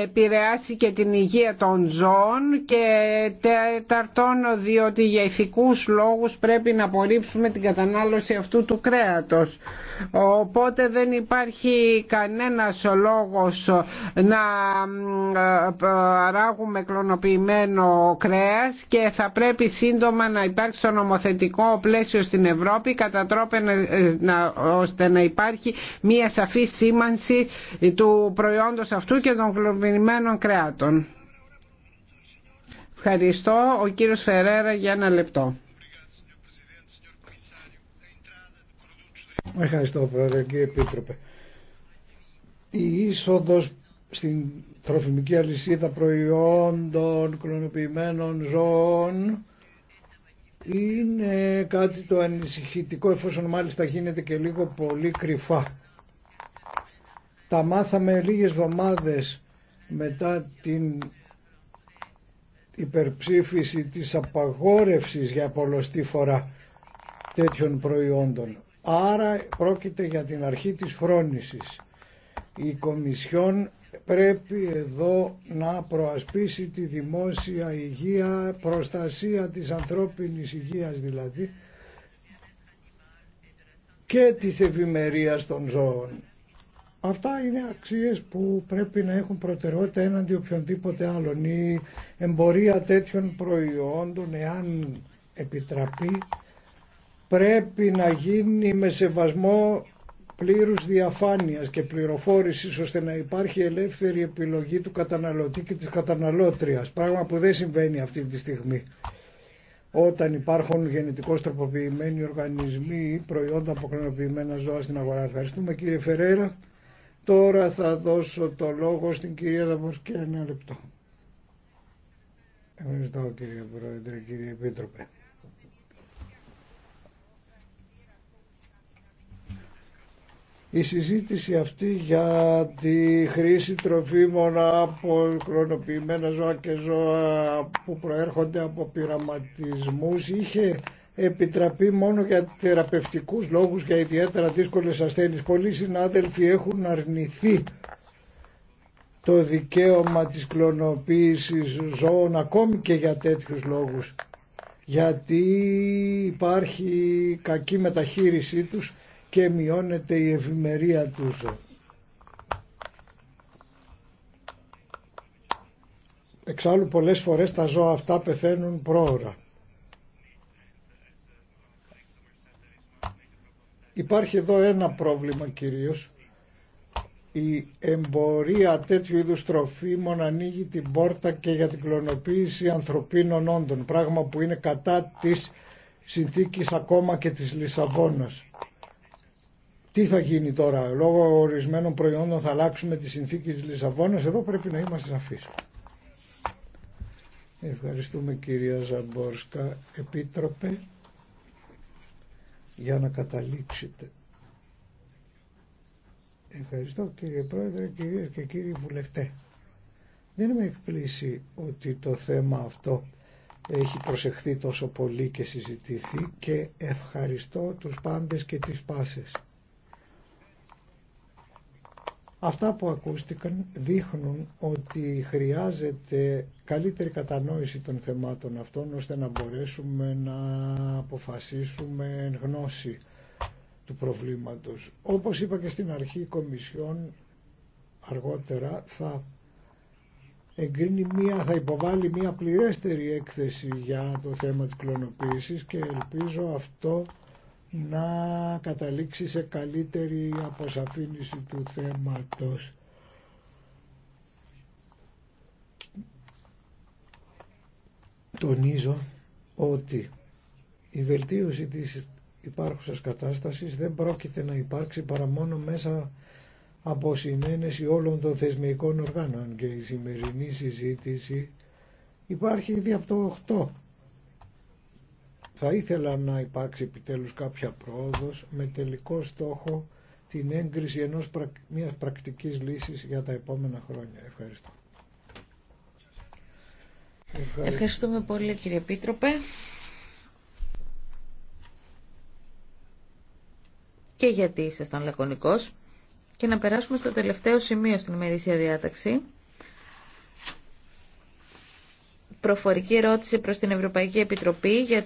επηρεάσει και την υγεία των ζώων και τέταρτον διότι για ηθικούς λόγους πρέπει να απορρίψουμε την κατανάλωση αυτού του κρέατος. Οπότε δεν υπάρχει κανένας λόγος να ε, παράγουμε κλωνοποιημένο κρέας και θα πρέπει σύντομα να υπάρξει το νομοθετικό πλαίσιο στην Ευρώπη κατά τρόπο ε, να, ώστε να υπάρχει μία σαφή σήμανση του προϊόντος αυτού και των κλωνοποιημένων κρέατων. Ευχαριστώ. Ο κύριος Φερέρα για ένα λεπτό. Ευχαριστώ πρόεδρε κύριε Επίτροπε. Η είσοδο στην τροφιμική αλυσίδα προϊόντων κλωνοποιημένων ζώων είναι κάτι το ανησυχητικό εφόσον μάλιστα γίνεται και λίγο πολύ κρυφά. Τα μάθαμε λίγες εβδομάδες μετά την υπερψήφιση της απαγόρευσης για πολλωστή φορά τέτοιων προϊόντων. Άρα πρόκειται για την αρχή της φρόνησης. Η Κομισιόν πρέπει εδώ να προασπίσει τη δημόσια υγεία, προστασία της ανθρώπινης υγείας δηλαδή και της ευημερία των ζώων. Αυτά είναι αξίες που πρέπει να έχουν προτεραιότητα έναντι οποιονδήποτε άλλον. Η εμπορία τέτοιων προϊόντων, εάν επιτραπεί, πρέπει να γίνει με σεβασμό πλήρους διαφάνειας και πληροφόρησης ώστε να υπάρχει ελεύθερη επιλογή του καταναλωτή και της καταναλώτριας, πράγμα που δεν συμβαίνει αυτή τη στιγμή όταν υπάρχουν γενετικώ τροποποιημένοι οργανισμοί ή προϊόντα από ζώα στην αγορά. Ευχαριστούμε κύριε Φεραίρα. Τώρα θα δώσω το λόγο στην κυρία Δαμπορκέ. ένα λεπτό. Ευχαριστώ κύριε Πρόεδρε, κύριε Επίτροπε. Η συζήτηση αυτή για τη χρήση τροφίμων από κλωνοποιημένα ζώα και ζώα που προέρχονται από πειραματισμούς είχε επιτραπεί μόνο για θεραπευτικούς λόγους για ιδιαίτερα δύσκολες ασθένειες. Πολλοί συνάδελφοι έχουν αρνηθεί το δικαίωμα της κλωνοποίησης ζώων ακόμη και για τέτοιους λόγους γιατί υπάρχει κακή μεταχείρισή τους και μειώνεται η ευημερία τους. Εξάλλου πολλές φορές τα ζώα αυτά πεθαίνουν πρόωρα. Υπάρχει εδώ ένα πρόβλημα κυρίως. Η εμπορία τέτοιου είδους τροφίμων ανοίγει την πόρτα και για την κλωνοποίηση ανθρωπίνων όντων, πράγμα που είναι κατά της συνθήκης ακόμα και της Λισαβόνας τι θα γίνει τώρα, λόγω ορισμένων προϊόντων θα αλλάξουμε τη συνθήκη της Λισαβόνας, εδώ πρέπει να είμαστε σαφείς. Ευχαριστούμε κυρία Ζαμπόρσκα, επίτροπε, για να καταλήξετε. Ευχαριστώ κύριε Πρόεδρε, κυρίες και κύριοι βουλευτέ. Δεν είμαι εκπλήσει ότι το θέμα αυτό έχει προσεχθεί τόσο πολύ και συζητηθεί και ευχαριστώ τους πάντες και τις πάσες. Αυτά που ακούστηκαν δείχνουν ότι χρειάζεται καλύτερη κατανόηση των θεμάτων αυτών ώστε να μπορέσουμε να αποφασίσουμε γνώση του προβλήματος. Όπως είπα και στην αρχή η Κομισιόν αργότερα θα εγκρίνει μία, θα υποβάλει μία πληρέστερη έκθεση για το θέμα της κλωνοποίησης και ελπίζω αυτό να καταλήξει σε καλύτερη αποσαφήνιση του θέματος. Τονίζω ότι η βελτίωση της υπάρχουσας κατάστασης δεν πρόκειται να υπάρξει παρά μόνο μέσα από συνένεση όλων των θεσμικών οργάνων και η σημερινή συζήτηση υπάρχει ήδη από το 8 θα ήθελα να υπάρξει επιτέλους κάποια πρόοδος με τελικό στόχο την έγκριση ενός πρακ... μιας πρακτικής λύσης για τα επόμενα χρόνια. Ευχαριστώ. Ευχαριστούμε πολύ κύριε Πιτροπέ Και γιατί ήσασταν λακωνικός. Και να περάσουμε στο τελευταίο σημείο στην ημερήσια διάταξη. Προφορική ερώτηση προς την Ευρωπαϊκή Επιτροπή για